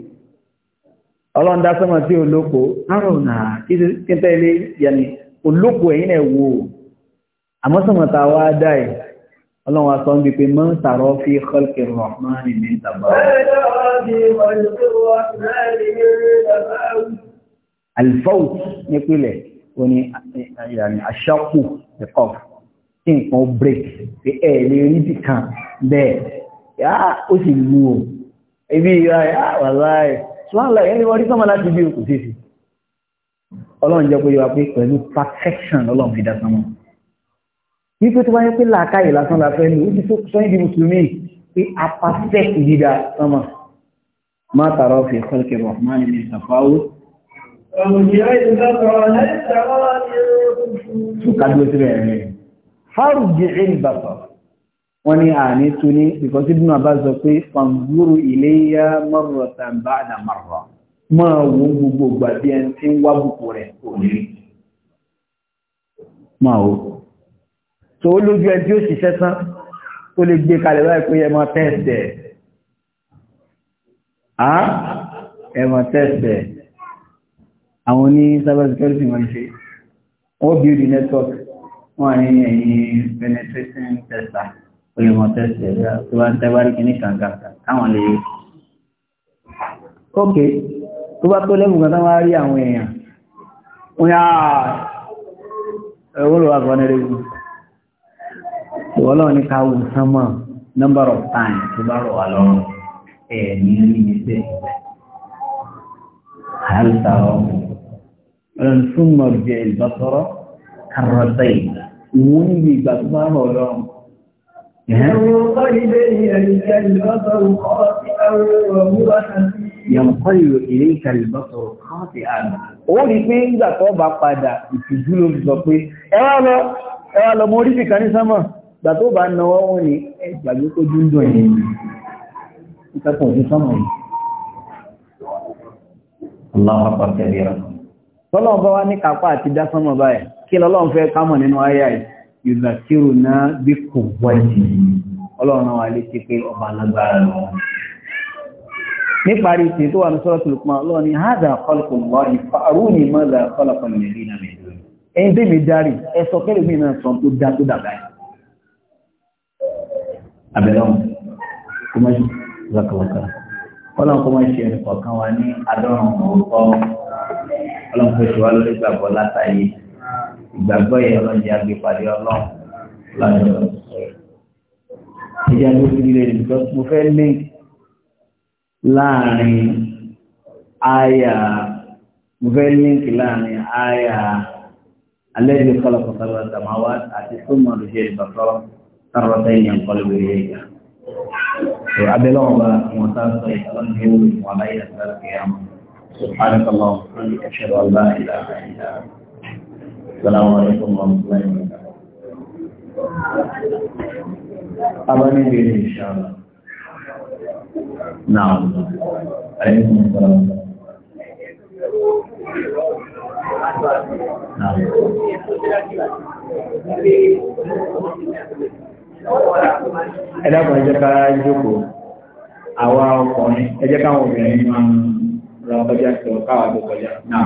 ọlọ́run dá sánmọ̀ tí ò lóko àrùn náà kí n tẹ́lẹ̀ yẹni ò lóko ẹ̀yìn ẹ̀ wò àmọ́ sánmọ̀ tá a wá dá ẹ̀ ọlọ́run wa sọ ń bi pé mọ́ ń sàrọ́ fi khalqi rahmani ní tàbá. alfaut nípìnlẹ̀ òní àṣàkù ẹ̀kọ́ kí nǹkan ó break pé ẹ lè rí bì kan bẹ́ẹ̀ yá ó sì lu o ibi ìyá yá wà láì ṣùgbọ́n láì ẹni wọ́n rí sọ́mọ láti bí òkú sí sí ọlọ́run jẹ́ pé yọ wá pé perfection lọ́lọ́run fi dá sánmọ́ wípé tó bá yẹ pé làákàyè lásán la fẹ́ ni ó ti tó sọ ìdí mùsùlùmí pé a perfect dídá sánmọ́ má tààrọ fi kọ́lùkì rahman ní ìsàfáwó Ọ̀gbìn ìrẹ́ ìdájọ́ ọ̀lẹ́sẹ̀ ọ̀lẹ́sẹ̀ ọ̀lẹ́sẹ̀ harji ilbasa wọ́n ní àní tún ní because ibn abbas sọ pé fanzuru iléyà marratan ba'da marra máa wo gbogbo ìgbà bí ẹni tí ń wá bùkù rẹ̀ kò ní máa wo tó ó lójú ẹni tí ó ṣiṣẹ́ tán tó lè gbé kalẹ̀ báyìí pé ẹ máa tẹ́ẹ̀sẹ̀ ẹ̀ ẹ máa tẹ́ẹ̀sẹ̀ àwọn ní cyber wọ́n ṣe wọ́n build the network wọ́n ní ẹ̀yìn penetration tester olùmọ̀ tester tó bá ń tẹ́wárí kìíní kàǹkàǹkà káwọn lè rí ókè tó bá tó lẹ́mù kan wá rí àwọn èèyàn wọ́n yá ẹ̀wọ́n lọ́wọ́ àgbọ́n rẹ̀ wù ìwọ́lọ́wọ́ ní ah, káwù sánmọ̀ number of times tó bá rọ̀ wá lọ́rùn ẹ̀ ní rí ní bẹ́ẹ̀ àyàlùsà ọ̀hún ọ̀hún súnmọ̀ jẹ́ ìbátọ́rọ̀ kàrọ̀dẹ́yìn òun níbi ìgbà tó bá rọ̀ lọ́rùn. Yàmkọ́lù ilé ìkàlùbọ́sọ̀rọ̀ káàtì àmì. Ó rí pé ìgbà tó bá padà ìtìjú ló sọ pé, ẹwà lọ, ẹwà lọ mọ́ oríṣì kan ní sánmà, ìgbà tó bá náwọ́ wọ́n ni ẹgbàgbé kó jú ń dọ̀ yẹn. Ìtàkùn sí sánmà yìí. Allah kí lọ́lọ́run fẹ́ kámọ̀ nínú ayá ìzàkírù náà bí kò wáyé ọlọ́run wa lè ti pé ọba alágbára lọ níparí tí tó wà ní sọ́rọ̀ tìlùkùnmá ọlọ́run ni hádà kọlùkùn wá ìfàrú ní mọ́lá kọlùkùn lè rí nàmì ẹ̀yìn tí mi darí ẹsọ kẹ́lẹ̀ mi náà sọ tó dá tó dàgbà ẹ̀ abẹ́lọ́run kó má ṣe ọlọ́run kó má ṣe ẹnì kọ̀ọ̀kan wa ní adọ́rùn-ún ọ̀rọ̀ ọlọ́run kó ṣe wá lórí gbàgbọ́ látàyè ìgbàgbọ́ yẹn lọ́n jẹ́ agbèpàdé ọlọ́run láti ọ̀rọ̀ sọ̀rọ̀. ẹja ló fi lè rí because mo fẹ́ link láàrin àyà mo fẹ́ link láàrin àyà alẹ́ bí kọ́lọ́kọ́ sábà sàmáwá àti súnmọ́ lóṣè ìbàfọ́ sábà sẹ́yìn yẹn kọ́lọ́ lórí ẹ̀yà. abẹ́lẹ́ wọn bá wọn sá sọ ìtàlọ́nù ní wọ́n wọ́n láyé àti láti kẹ́yàmù. سبحانك اللهم وبحمدك اشهد ان لا اله الا انت Assalamu alaikum warahmatullahi wabarakatuh. Abani bi inshallah. Naam. Alaikum assalam. Naam. Ẹ dákun ẹ jẹ́ ká jókòó, àwa ọkùnrin, ẹ jẹ́ káwọn obìnrin máa ń ra ọkọjá sí ọkáwà tó kọjá náà.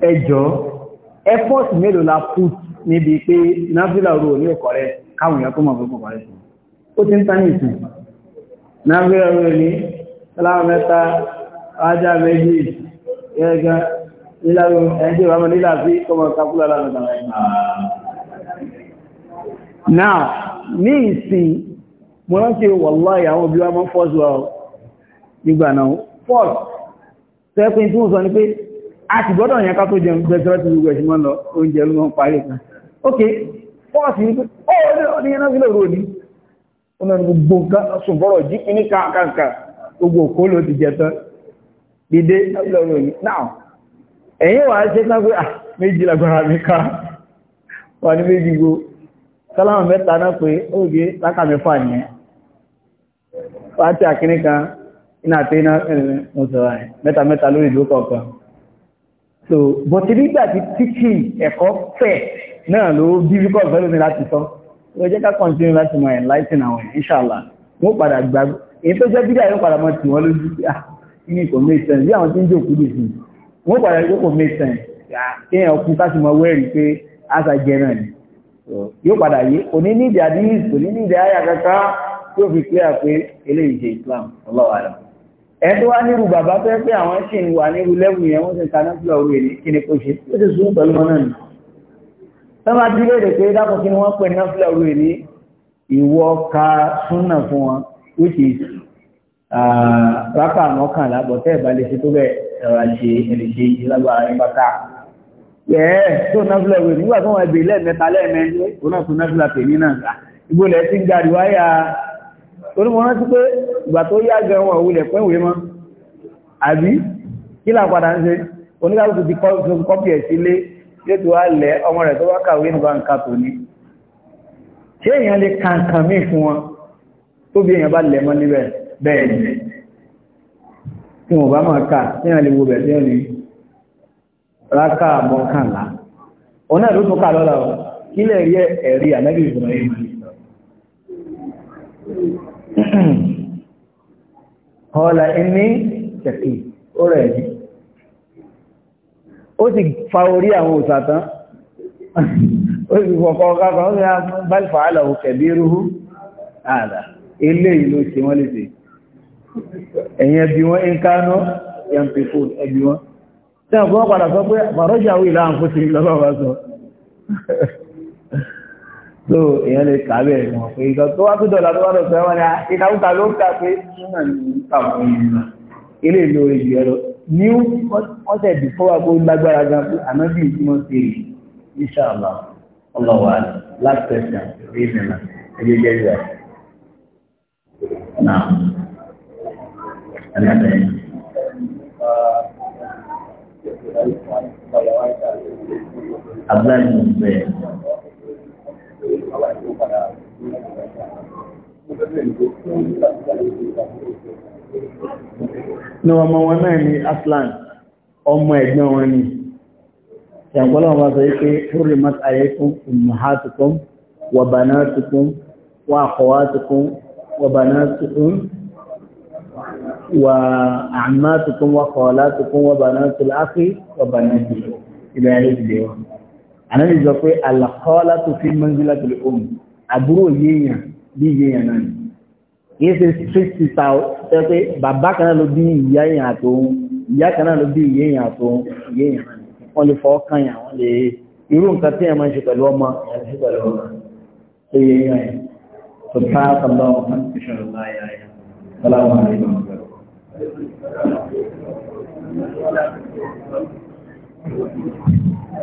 ẹjọ́ effort mélòó la put níbi pé náfílà orú ní ẹ̀kọ́ rẹ káwọn èèyàn tó mọ̀ fún ọkọ̀ sí ó ti ń tán ní ìsìn náfílà orú ní sálámẹ́ta ajá méjì ẹgbẹ́ nílàrú ẹjẹ́ ìwàmọ́ nílà sí kọmọ kakúlà lánàá náà ní ìsìn mo rántí a gbọ́dọ̀ yẹn ká tó jẹun gbẹ̀sẹ̀ ti gbogbo ẹ̀ṣin mọ́ lọ oúnjẹ ló mọ́ parí kan ok pọ́ọ̀sì ní pé ó ní iná sílẹ̀ òru òní ó náà gbogbo sùn jí kíní kankanka gbogbo òkó ló ti òní náà ẹ̀yìn wàá ṣe tán pé ah, méjì lágbára mi ká wà ní méjì mẹ́ta náà pé nìyẹn wàá ti àkíní kan iná àti iná mẹ́ta so but nígbà tí teaching ẹ̀kọ́ fẹ̀ náà ló difficult wíkọ́ ìfẹ́lú mi láti sọ ó jẹ́ ká continue láti mọ enlighten àwọn inshallah Mo padà gbà èyí tó jẹ́ bídà yóò padà mọ tì wọ́n lójú sí à ní kò make sense bí àwọn tí ń jòkó lè sí wọ́n padà yóò kò make sense ah, kéèyàn kú ká sì mọ wẹ́rì pé àṣà jẹ náà ni yóò padà yé òní ní ìdí àdíyìí òní ní ìdí àyà kankan yóò fi clear pé eléyìí jẹ Islam ọlọ́wàá rẹ̀ ẹ̀tọ́ wá nírú bàbá fẹ́ pé àwọn ṣì ń wà nírú lẹ́wù yẹn wọ́n ti kaná fúlọ̀ orí èdè kí ni kò ṣe ó ti sún pẹ̀lú ọ̀nà nì wọ́n bá ti léèrè pé dákun kí ni wọ́n pè náà fúlọ̀ orí èdè ìwọ ka súnà fún wọn which is rákà mọ́kànlá bọ̀ tẹ́ ẹ̀ bá lè ṣe tó bẹ́ẹ̀ ẹ̀rọ àṣe ẹ̀lẹ́ṣe ìlágbára ní bàtà yẹ́ẹ̀ tó náà fúlọ̀ orí èdè nígbà tó wọn ẹ̀bẹ̀ lẹ́ẹ̀mẹ́ta lẹ́ẹ̀mẹ́ torí mo rántí pé ìgbà tó yá gan wọn òwúlẹ̀ pẹ́ ìwé mọ́ àbí kí là padà ń ṣe oníkàlùkù ti kọ́pì ẹ̀ sílé yóò ti wá lẹ̀ ọmọ rẹ̀ tó wá kàwé nígbà nǹkan tó ní ṣé èèyàn lè ka nǹkan míì fún wọn tó bí èèyàn bá lẹ̀ mọ́ níbẹ̀ bẹ́ẹ̀ ni tí wọn bá máa kà tí wọn lè wo bẹ̀ tí wọn lè rákà mọ́kànlá òun náà ló tún kà lọ́la kílẹ̀ rí ẹ̀rí ànágbèsọ̀rọ̀ yìí ọ̀la ẹni ṣẹ̀kì ó rẹ̀ ní ó sì fa orí àwọn òsàtán ó sì fọ̀kọ́ ọkọ̀ ó sì báyìí fàálà òkè bí rúhú ààdà ilé ìlú sí wọ́n lè ṣe ẹ̀yìn ẹbí wọn ń kánú yàmpẹ̀fò ẹbí wọn tí wọ́n padà sọ pé bàrọ́jà wí láàrín lọ́lọ́wọ́ sọ so èèyàn lè kà bẹ́ẹ̀ mọ̀ pé ìgbà tó wá tó dọ̀là tó wá lọ sọ wọn ni ah, ìdáwùtà ló ń kà pé nígbà ní káwọn yìí nà ilé ìlú orí ìlú ẹ̀rọ ní ọ̀sẹ̀ ìdìfọ́ wa kó lágbára gan pé ànábì ìtumọ̀ sí rí ìṣàlá ọlọ́wà last question rí nìlà ẹgbẹ́ jẹ́ ìgbà. Now, another thing. Abdullahi Mubarak ní ọmọ wọn náà ni aslan ọmọ ẹ̀gbọ́n wọn ni ṣàgbọ́lá wọn bá sọ pé ṣúrí mọ́t àyẹ́kún ìmọ̀hátukún wàbánátukún wà àkọwátukún wàbánátukún wà àmátukún wà kọ̀ọ̀látukún wàbánátukún wàbánátukún ìbẹ̀rẹ̀ ànábì sọ pé àlàkọ́lá tó fi mọ́ngílá tó lè ohun àbúrò yéèyàn bí yéèyàn náà ni kìí ṣe street sista ṣe pé bàbá kan náà ló bí ìyá èèyàn àtòun ìyá kan náà ló bí ìyá èèyàn àtòun ìyá èèyàn náà ni wọ́n lè fọ́ kànyà wọ́n lè irú nǹkan tí ẹ̀ máa ń ṣe pẹ̀lú ọmọ Thank you.